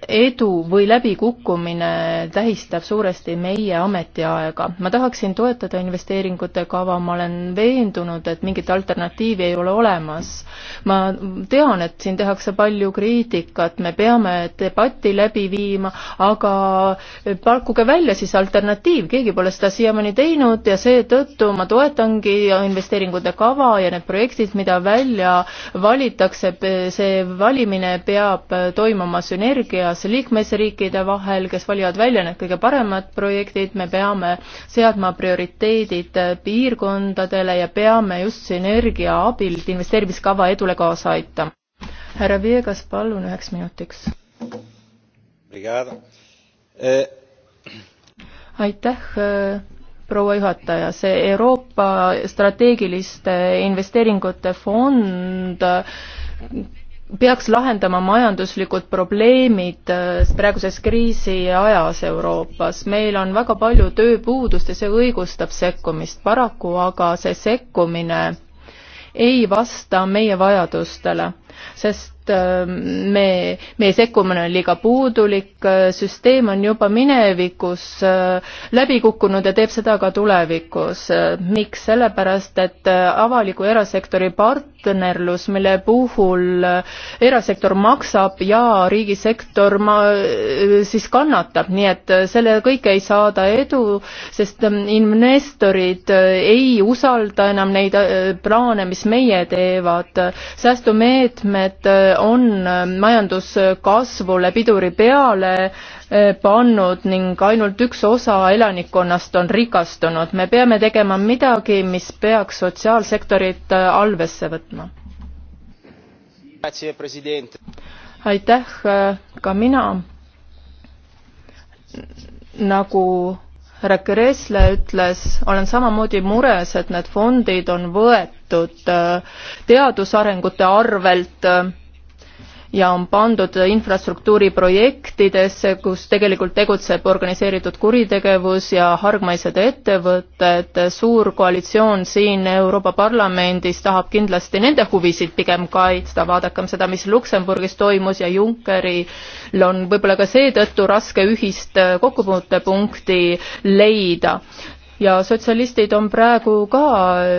edu või läbikukkumine tähistab suuresti meie ametiaega. ma tahaksin toetada investeeringute kava, ma olen veendunud, et mingit alternatiivi ei ole olemas. ma tean, et siin tehakse palju kriitikat, me peame debatti läbi viima, aga pakkuge välja siis alternatiiv, keegi pole seda siiamaani teinud ja seetõttu ma toetangi investeeringute kava ja need projektid, mida välja valitakse, see valimine peab toimuma sünergias liikmesriikide vahel, kes valivad välja need kõige paremad projektid, me peame seadma prioriteedid piirkondadele ja peame just sünergia abil investeerimiskava edule kaasa aitama. härra Viegas, palun üheks minutiks aitäh, äh, proua juhataja, see Euroopa strateegiliste investeeringute fond äh, peaks lahendama majanduslikud probleemid äh, praeguses kriisiajas Euroopas. meil on väga palju tööpuudust ja see õigustab sekkumist, paraku aga see sekkumine ei vasta meie vajadustele, sest Ähm, me, meie sekkumine on liiga puudulik, äh, süsteem on juba minevikus äh, läbi kukkunud ja teeb seda ka tulevikus. Äh, miks? sellepärast, et avaliku erasektori partnerlus, mille puhul erasektor maksab ja riigisektor ma-, siis kannatab, nii et selle kõik ei saada edu, sest ähm, investorid ei usalda enam neid plaane, mis meie teevad. säästumeetmed on äh, majanduskasvule piduri peale äh, pannud ning ainult üks osa elanikkonnast on rikastunud. me peame tegema midagi, mis peaks sotsiaalsektorit äh, alvesse võtma. aitäh ka mina. nagu härra Kresle ütles, olen samamoodi mures, et need fondid on võetud teadusarengute arvelt ja on pandud infrastruktuuriprojektidesse, kus tegelikult tegutseb organiseeritud kuritegevus ja hargmaised ettevõtted. suur koalitsioon siin Euroopa Parlamendis tahab kindlasti nende huvisid pigem kaitsta, vaadakem seda, mis Luksemburgis toimus ja Junckeril on võib-olla ka seetõttu raske ühist kokkupuutepunkti leida ja sotsialistid on praegu ka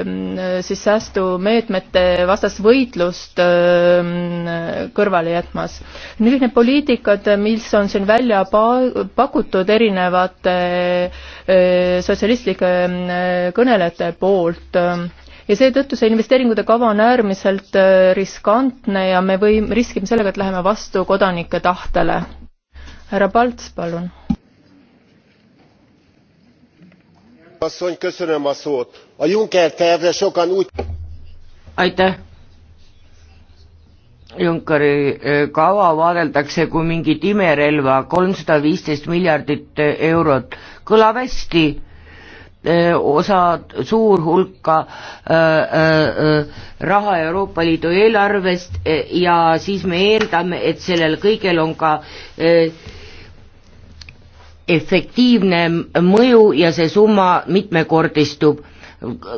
mm, siis säästumeetmete vastast võitlust mm, kõrvale jätmas. nüüd need poliitikad, mis on siin välja pa-, pakutud erinevate eh, sotsialistlike mm, kõnelejate poolt, ja seetõttu see investeeringute kava on äärmiselt eh, riskantne ja me võime, riskime sellega, et läheme vastu kodanike tahtele. härra Palts, palun asszony köszönöm a szót. a juncker tervre sokan úgy. aitäh. Junckeri kava vaadeldakse kui mingit imerelva, kolmsada viisteist miljardit eurot, kõlab hästi, osa, suur hulka raha Euroopa Liidu eelarvest e, ja siis me eeldame, et sellel kõigel on ka öö, efektiivne mõju ja see summa mitmekordistub.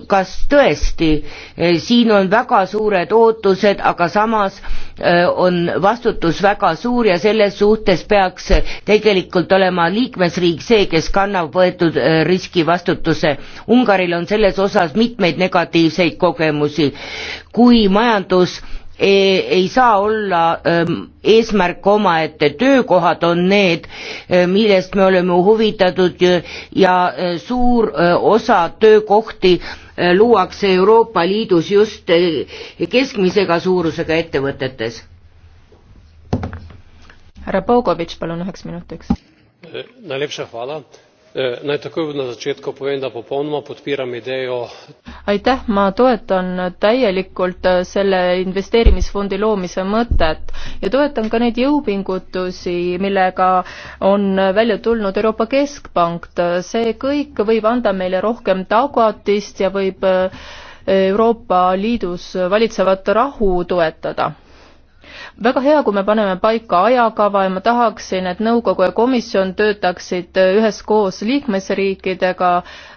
kas tõesti, siin on väga suured ootused, aga samas e, on vastutus väga suur ja selles suhtes peaks tegelikult olema liikmesriik see, kes kannab võetud e, riski vastutuse. Ungaril on selles osas mitmeid negatiivseid kogemusi. kui majandus ei saa olla ähm, eesmärk omaette, töökohad on need, äh, millest me oleme huvitatud ja äh, suur äh, osa töökohti luuakse Euroopa Liidus just keskmisega suurusega ettevõtetes. härra Bogovitš, palun üheks minutiks. Najlepša hvala. Naj takoj na začetku povem, da popolnoma podpiram idejo aitäh, ma toetan täielikult äh, selle investeerimisfondi loomise mõtet ja toetan ka neid jõupingutusi, millega on välja tulnud Euroopa Keskpank. Äh, see kõik võib anda meile rohkem tagatist ja võib äh, Euroopa Liidus valitsevat rahu toetada väga hea, kui me paneme paika ajakava ja ma tahaksin, et nõukogu ja komisjon töötaksid üheskoos liikmesriikidega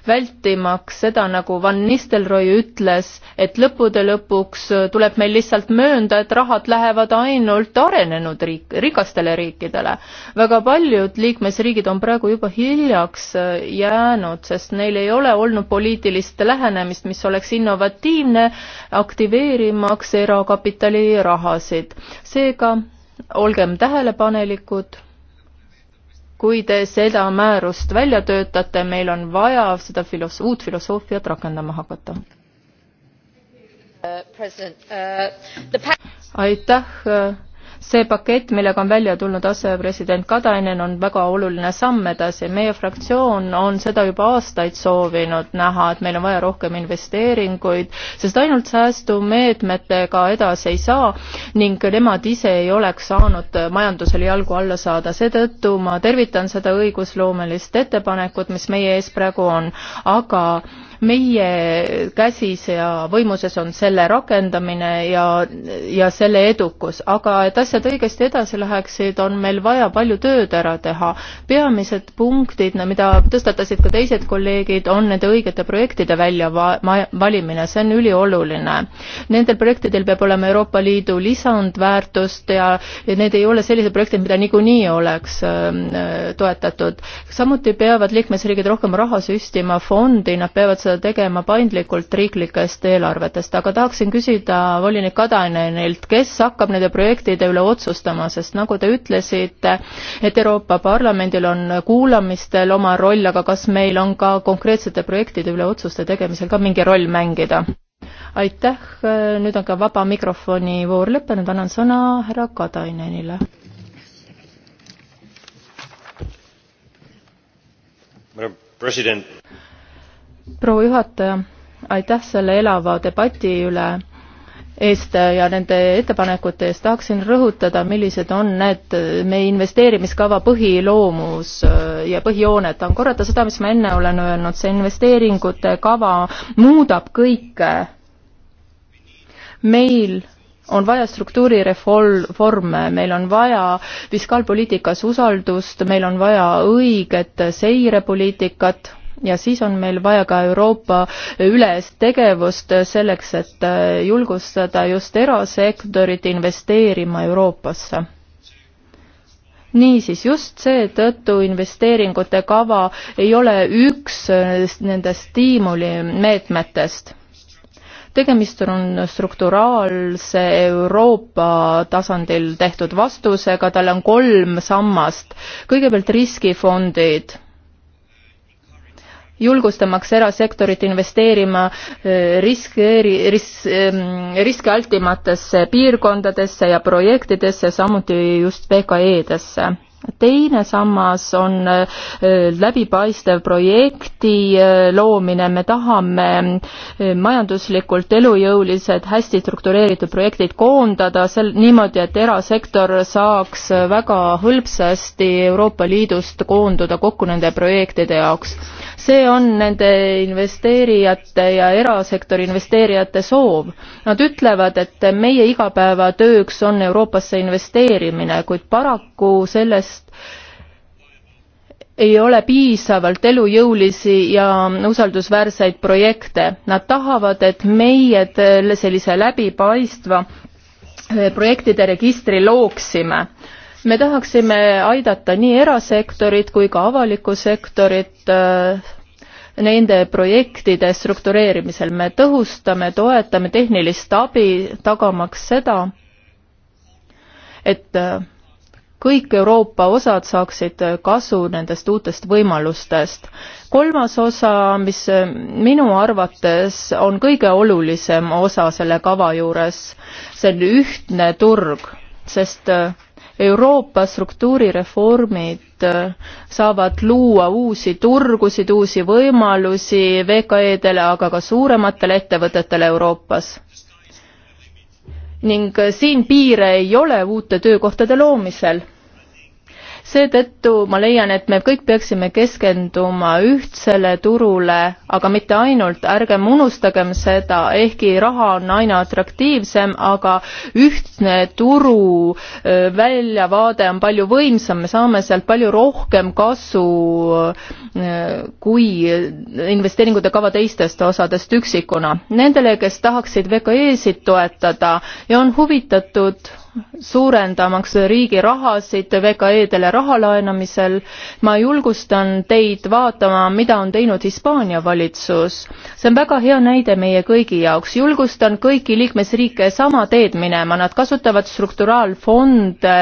vältimaks seda, nagu Van Nistelrooy ütles, et lõppude lõpuks tuleb meil lihtsalt möönda, et rahad lähevad ainult arenenud riik, rikastele riikidele. väga paljud liikmesriigid on praegu juba hiljaks jäänud, sest neil ei ole olnud poliitilist lähenemist, mis oleks innovatiivne, aktiveerimaks erakapitali rahasid. seega olgem tähelepanelikud kui te seda määrust välja töötate, meil on vaja seda filos-, uut filosoofiat rakendama hakata. Uh, uh, aitäh uh, see pakett, millega on välja tulnud asepresident Katainen, on väga oluline samm edasi. meie fraktsioon on seda juba aastaid soovinud näha, et meil on vaja rohkem investeeringuid, sest ainult säästumeetmetega edasi ei saa ning nemad ise ei oleks saanud majandusele jalgu alla saada. seetõttu ma tervitan seda õigusloomelist ettepanekut, mis meie ees praegu on, aga meie käsis ja võimuses on selle rakendamine ja, ja selle edukus, aga et asjad õigesti edasi läheksid, on meil vaja palju tööd ära teha. peamised punktid, mida tõstatasid ka teised kolleegid, on nende õigete projektide väljavalimine, see on ülioluline. Nendel projektidel peab olema Euroopa Liidu lisandväärtust ja, ja need ei ole sellised projektid, mida niikuinii oleks ähm, äh, toetatud. samuti peavad liikmesriigid rohkem raha süstima fondi, nad peavad seda tegema paindlikult riiklikest eelarvetest, aga tahaksin küsida volinik Kadanenilt, kes hakkab nende projektide üle otsustama, sest nagu te ütlesite, et Euroopa Parlamendil on kuulamistel oma roll, aga kas meil on ka konkreetsete projektide üle otsuste tegemisel ka mingi roll mängida? aitäh, nüüd on ka vaba mikrofoni voor lõppenud, annan sõna härra Kadanenile. president proua juhataja, aitäh selle elava debati üle eest ja nende ettepanekute eest tahaksin rõhutada, millised on need meie investeerimiskava põhiloomus ja põhijooned. tahan korrata seda, mis ma enne olen öelnud, see investeeringute kava muudab kõike. meil on vaja struktuurireforme, meil on vaja fiskaalpoliitikas usaldust, meil on vaja õiget seirepoliitikat ja siis on meil vaja ka Euroopa üles tegevust selleks, et äh, julgustada just erasektorit investeerima Euroopasse niisiis, just seetõttu investeeringute kava ei ole üks äh, nendest stiimulimeetmetest tegemist on strukturaalse Euroopa tasandil tehtud vastusega, tal on kolm sammast. kõigepealt riskifondid julgustamaks erasektorit investeerima äh, riskeeri-, ris-, ähm, riskialtimatesse piirkondadesse ja projektidesse, samuti just VKE-desse teine sammas on äh, läbipaistev projekti äh, loomine, me tahame majanduslikult elujõulised, hästi struktureeritud projektid koondada sel-, niimoodi, et erasektor saaks väga hõlpsasti Euroopa Liidust koonduda kokku nende projektide jaoks see on nende investeerijate ja erasektori investeerijate soov. Nad ütlevad, et meie igapäevatööks on Euroopasse investeerimine, kuid paraku sellest ei ole piisavalt elujõulisi ja usaldusväärseid projekte. Nad tahavad, et meie sellise läbipaistva projektide registri looksime me tahaksime aidata nii erasektorit kui ka avalikku sektorit äh, nende projektide struktureerimisel. me tõhustame, toetame tehnilist abi, tagamaks seda, et äh, kõik Euroopa osad saaksid kasu nendest uutest võimalustest. kolmas osa, mis äh, minu arvates on kõige olulisem osa selle kava juures, see on ühtne turg, sest Euroopa struktuurireformid äh, saavad luua uusi turgusid, uusi võimalusi VKE-dele, aga ka suurematele ettevõtetele Euroopas. ning äh, siin piire ei ole uute töökohtade loomisel seetõttu ma leian, et me kõik peaksime keskenduma ühtsele turule, aga mitte ainult, ärgem unustagem seda, ehkki raha on aina atraktiivsem, aga ühtne turu väljavaade on palju võimsam, me saame sealt palju rohkem kasu kui investeeringute kava teistest osadest üksikuna. Nendele, kes tahaksid VKE-sid toetada ja on huvitatud suurendamaks riigi rahasid VKE-dele raha laenamisel. ma julgustan teid vaatama, mida on teinud Hispaania valitsus. see on väga hea näide meie kõigi jaoks. julgustan kõiki liikmesriike sama teed minema, nad kasutavad strukturaalfonde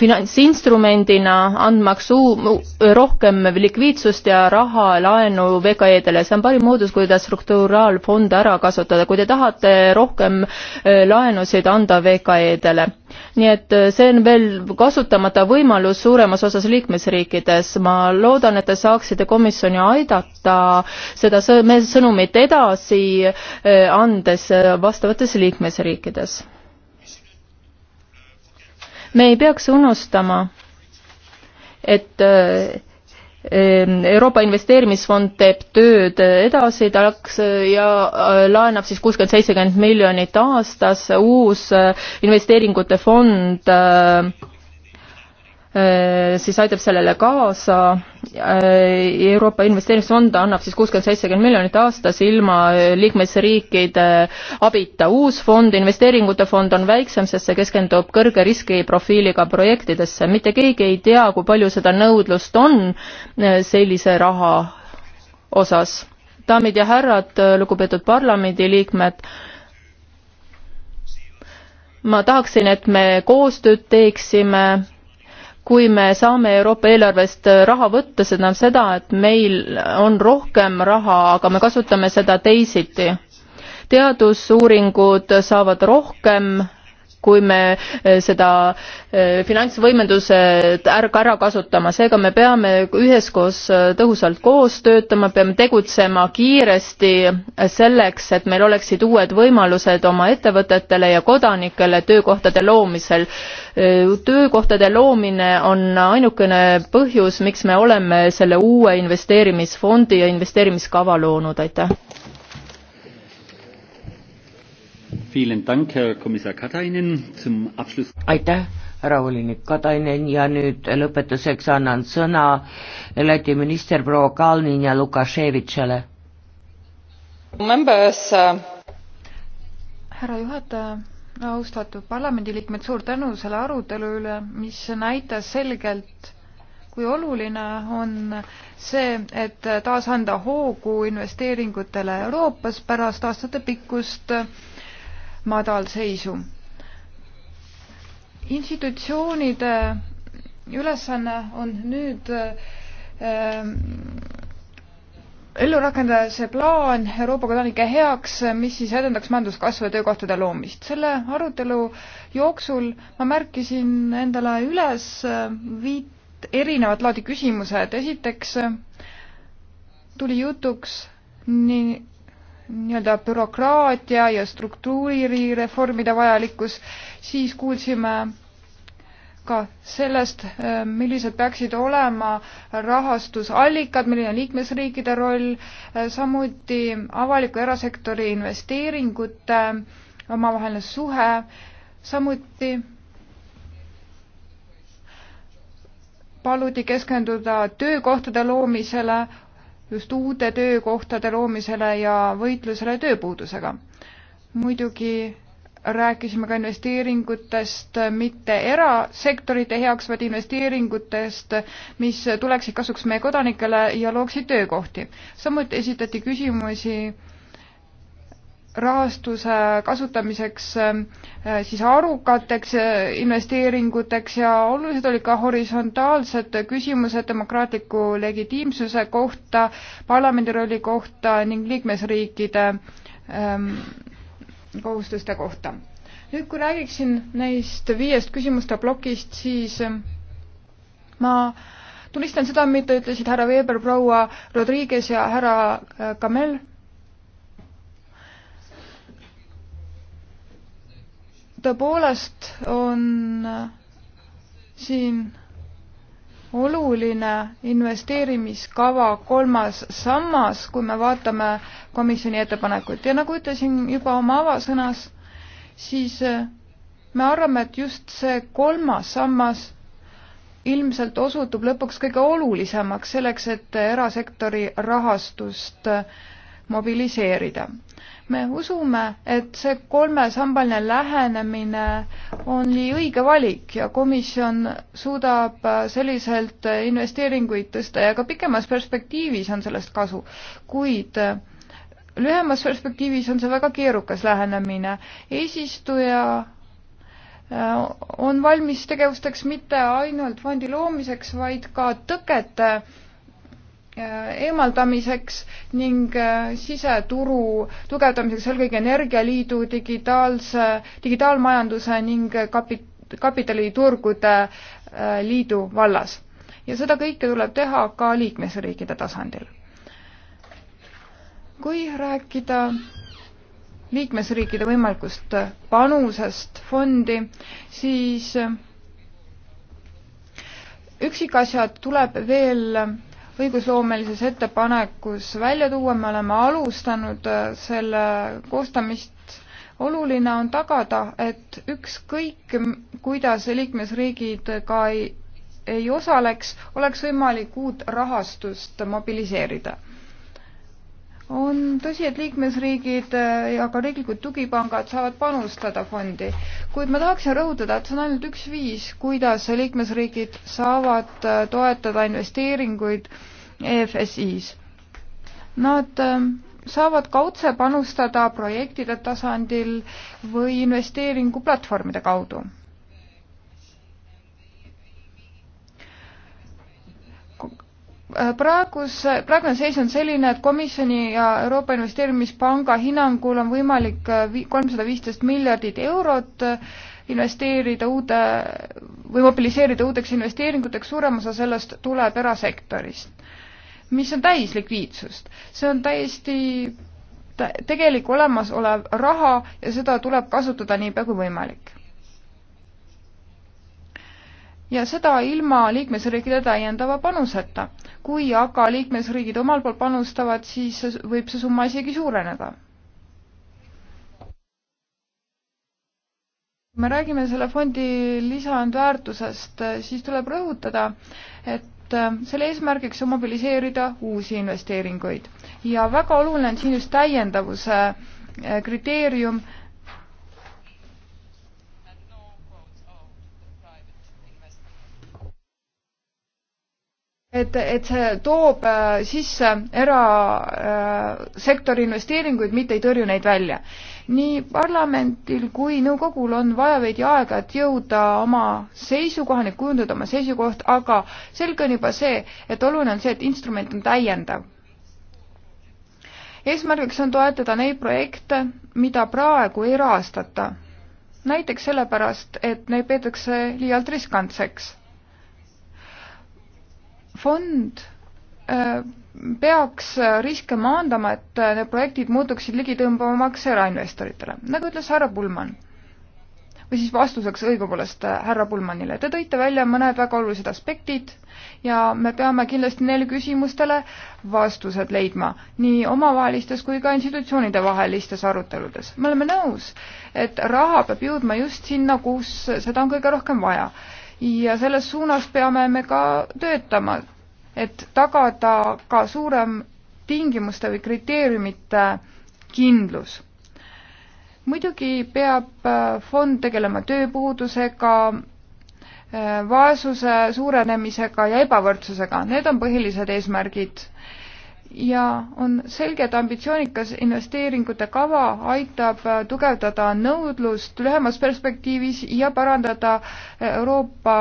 finantsinstrumendina andmaks uu-, rohkem likviidsust ja raha laenu VKE-dele, see on parim moodus, kuidas strukturaalfonde ära kasutada, kui te tahate rohkem äh, laenusid anda VKE-dele. nii et äh, see on veel kasutamata võimalus suuremas osas liikmesriikides, ma loodan, et te saaksite komisjoni aidata seda sõnumit edasi äh, andes vastavates liikmesriikides me ei peaks unustama, et äh, äh, Euroopa Investeerimisfond teeb tööd edasi, ta läks äh, ja laenab siis kuuskümmend, seitsekümmend miljonit aastas, uus investeeringute fond siis aitab sellele kaasa Äh, Euroopa Investeerimisfond annab siis kuuskümmend, seitsekümmend miljonit aastas ilma äh, liikmesriikide äh, abita. uus fond, investeeringute fond on väiksem, sest see keskendub kõrge riskiprofiiliga projektidesse. mitte keegi ei tea, kui palju seda nõudlust on sellise raha osas. daamid ja härrad, lugupeetud parlamendiliikmed, ma tahaksin, et me koostööd teeksime kui me saame Euroopa eelarvest äh, raha võtta, see tähendab seda, et meil on rohkem raha, aga me kasutame seda teisiti. teadusuuringud saavad rohkem kui me eh, seda eh, finantsvõimendused ära, ära kasutama, seega me peame üheskoos eh, tõhusalt koos töötama, peame tegutsema kiiresti selleks, et meil oleksid uued võimalused oma ettevõtetele ja kodanikele töökohtade loomisel. töökohtade loomine on ainukene põhjus, miks me oleme selle uue investeerimisfondi ja investeerimiskava loonud, aitäh. aitäh, härra volinik Katainen ja nüüd lõpetuseks annan sõna Läti minister proua Kalnin ja Lukaševitšele. Uh, härra juhataja, austatud parlamendiliikmed, suur tänu selle arutelu üle, mis näitas selgelt, kui oluline on see, et taas anda hoogu investeeringutele Euroopas pärast aastatepikkust madalseisu. institutsioonide ülesanne on nüüd äh, ellu rakendada see plaan Euroopa kodanike heaks, mis siis edendaks majanduskasvu ja töökohtade loomist. selle arutelu jooksul ma märkisin endale üles äh, viit erinevat laadi küsimused. esiteks tuli jutuks nii nii-öelda bürokraatia ja struktuurireformide vajalikkus, siis kuulsime ka sellest, millised peaksid olema rahastusallikad, milline on liikmesriikide roll, samuti avaliku erasektori investeeringute omavaheline suhe, samuti paluti keskenduda töökohtade loomisele, just uute töökohtade loomisele ja võitlusele tööpuudusega. muidugi rääkisime ka investeeringutest mitte erasektorite heaks, vaid investeeringutest, mis tuleksid kasuks meie kodanikele ja looksid töökohti. samuti esitati küsimusi rahastuse kasutamiseks äh, siis arukateks äh, investeeringuteks ja olulised olid ka horisontaalsed küsimused demokraatliku legitiimsuse kohta, parlamendi rolli kohta ning liikmesriikide ähm, kohustuste kohta. nüüd, kui räägiksin neist viiest küsimuste plokist, siis äh, ma tunnistan seda, mida ütlesid härra Weber, proua Rodriguez ja härra Kamel tõepoolest on siin oluline investeerimiskava kolmas sammas, kui me vaatame komisjoni ettepanekuid ja nagu ütlesin juba oma avasõnas, siis eh, me arvame, et just see kolmas sammas ilmselt osutub lõpuks kõige olulisemaks selleks, et erasektori rahastust eh, mobiliseerida. me usume, et see kolmesambaline lähenemine oli õige valik ja komisjon suudab selliselt investeeringuid tõsta ja ka pikemas perspektiivis on sellest kasu, kuid lühemas perspektiivis on see väga keerukas lähenemine. eesistuja äh, on valmis tegevusteks mitte ainult fondi loomiseks, vaid ka tõkete Äh, eemaldamiseks ning äh, siseturu tugevdamiseks eelkõige energialiidu, digitaalse, digitaalmajanduse ning kapi-, kapitaliturgude äh, liidu vallas. ja seda kõike tuleb teha ka liikmesriikide tasandil. kui rääkida liikmesriikide võimalikust panusest fondi, siis üksikasjad tuleb veel õigusloomelises ettepanekus välja tuua, me oleme alustanud äh, selle koostamist. oluline on tagada, et ükskõik, kuidas liikmesriigid ka ei, ei osaleks, oleks võimalik uut rahastust mobiliseerida on tõsi, et liikmesriigid äh, ja ka riiklikud tugipangad saavad panustada fondi, kuid ma tahaksin rõhutada, et see on ainult üks viis, kuidas liikmesriigid saavad äh, toetada investeeringuid EFSI-s. Nad ähm, saavad ka otse panustada projektide tasandil või investeeringuplatvormide kaudu. praeguse, praegune seis on selline, et komisjoni ja Euroopa Investeerimispanga hinnangul on võimalik äh, kolmsada viisteist miljardit eurot äh, investeerida uude või mobiliseerida uudeks investeeringuteks, suurem osa sellest tuleb erasektorist mis on täis likviidsust. see on täiesti tegelik olemasolev raha ja seda tuleb kasutada niipea kui võimalik. ja seda ilma liikmesriikide täiendava panuseta. kui aga liikmesriigid omalt poolt panustavad, siis võib see summa isegi suureneda. kui me räägime selle fondi lisandväärtusest, siis tuleb rõhutada, et et äh, selle eesmärgiks on mobiliseerida uusi investeeringuid. ja väga oluline on siin just täiendavuse äh, kriteerium, et, et see toob äh, sisse erasektori äh, investeeringuid, mitte ei tõrju neid välja. nii parlamendil kui nõukogul on vaja veidi aega, et jõuda oma seisukohani, kujundada oma seisukoht, aga selge on juba see, et oluline on see, et instrument on täiendav. eesmärgiks on toetada neid projekte, mida praegu ei rahastata. näiteks sellepärast, et neid peetakse liialt riskantseks fond äh, peaks riske maandama, et äh, need projektid muutuksid ligitõmbavamaks erainvestoritele, nagu ütles härra Pullmann. või siis vastuseks õigupoolest äh, härra Pullmannile, te tõite välja mõned väga olulised aspektid ja me peame kindlasti neile küsimustele vastused leidma nii omavahelistes kui ka institutsioonide vahelistes aruteludes. me oleme nõus, et raha peab jõudma just sinna, kus seda on kõige rohkem vaja ja selles suunas peame me ka töötama, et tagada ka suurem tingimuste või kriteeriumite kindlus. muidugi peab äh, fond tegelema tööpuudusega, äh, vaesuse suurenemisega ja ebavõrdsusega, need on põhilised eesmärgid ja on selge, et ambitsioonikas investeeringute kava aitab tugevdada nõudlust lühemas perspektiivis ja parandada Euroopa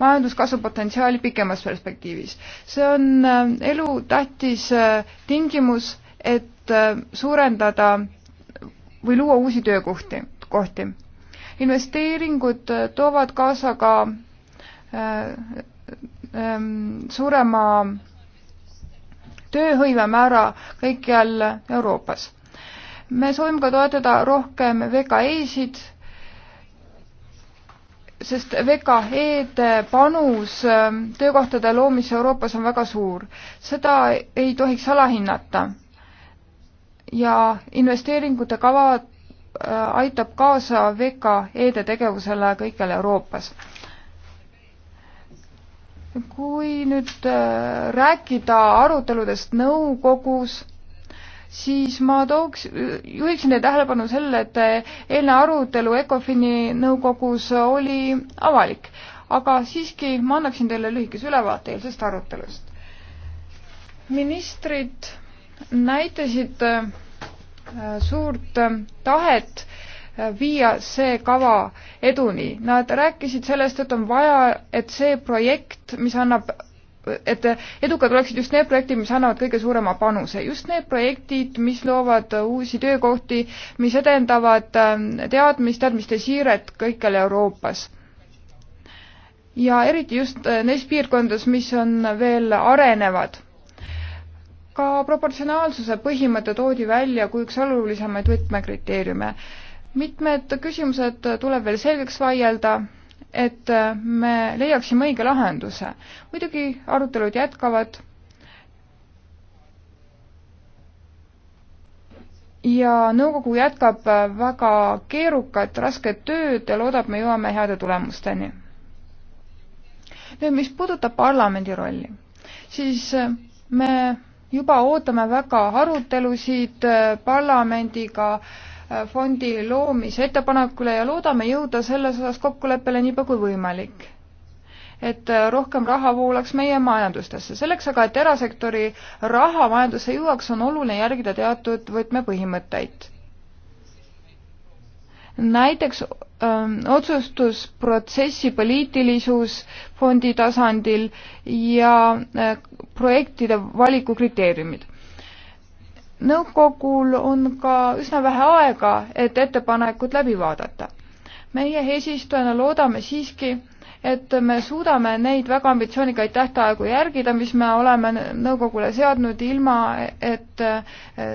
majanduskasvu potentsiaali pikemas perspektiivis. see on äh, elutähtis äh, tingimus, et äh, suurendada või luua uusi töökohti, kohti. investeeringud toovad kaasa ka äh, äh, suurema tööhõivemäära kõikjal Euroopas. me soovime ka toetada rohkem VKE-sid, sest VKE-de panus ähm, töökohtade loomisse Euroopas on väga suur. seda ei tohiks alahinnata. ja investeeringute kava äh, aitab kaasa VKE-de tegevusele kõikjal Euroopas kui nüüd äh, rääkida aruteludest nõukogus, siis ma tooks, juhiksin teie tähelepanu sellele, et eelne arutelu ECOFIN-i nõukogus oli avalik, aga siiski ma annaksin teile lühikese ülevaate eilsest arutelust. ministrid näitasid äh, suurt tahet viia see kava eduni. Nad rääkisid sellest, et on vaja, et see projekt, mis annab et edukad oleksid just need projektid, mis annavad kõige suurema panuse, just need projektid, mis loovad uusi töökohti, mis edendavad ähm, teadmist, teadmiste siiret kõikjal Euroopas. ja eriti just äh, neis piirkondades, mis on veel arenevad. ka proportsionaalsuse põhimõte toodi välja kui üks olulisemaid võtmekriteeriume mitmed küsimused tuleb veel selgeks vaielda, et me leiaksime õige lahenduse. muidugi arutelud jätkavad ja nõukogu jätkab väga keerukat, rasket tööd ja loodab, me jõuame heade tulemusteni. nüüd, mis puudutab parlamendi rolli, siis me juba ootame väga arutelusid parlamendiga äh, fondi loomise ettepanekule ja loodame jõuda selles osas kokkuleppele niipea kui võimalik et rohkem raha voolaks meie majandustesse. selleks aga, et erasektori raha majandusse jõuaks, on oluline järgida teatud võtmepõhimõtteid. näiteks öö, ähm, otsustusprotsessi poliitilisus fondi tasandil ja öö, äh, projektide valikukriteeriumid nõukogul on ka üsna vähe aega, et ettepanekud läbi vaadata. meie eesistujana loodame siiski, et me suudame neid väga ambitsioonikaid tähtaegu järgida, mis me oleme nõukogule seadnud, ilma et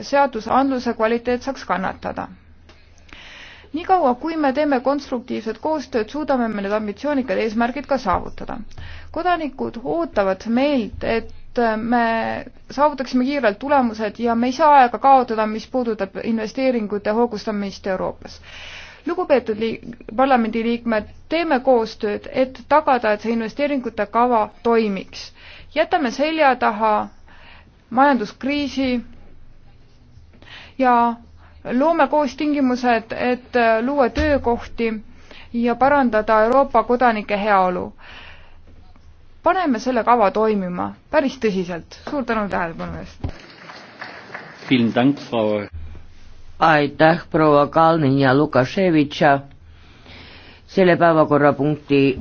seadusandluse kvaliteet saaks kannatada. niikaua, kui me teeme konstruktiivset koostööd, suudame me need ambitsioonikad eesmärgid ka saavutada. kodanikud ootavad meilt, et et äh, me saavutaksime kiirelt tulemused ja me ei saa aega kaotada, mis puudutab investeeringute hoogustamist Euroopas. lugupeetud liik-, parlamendiliikmed, teeme koostööd, et tagada, et see investeeringute kava toimiks. jätame selja taha majanduskriisi ja loome koos tingimused, et äh, luua töökohti ja parandada Euroopa kodanike heaolu paneme selle kava toimima päris tõsiselt. suur tänu tähelepanu eest! aitäh, proua Kalnin ja Lukaševitša selle päevakorrapunkti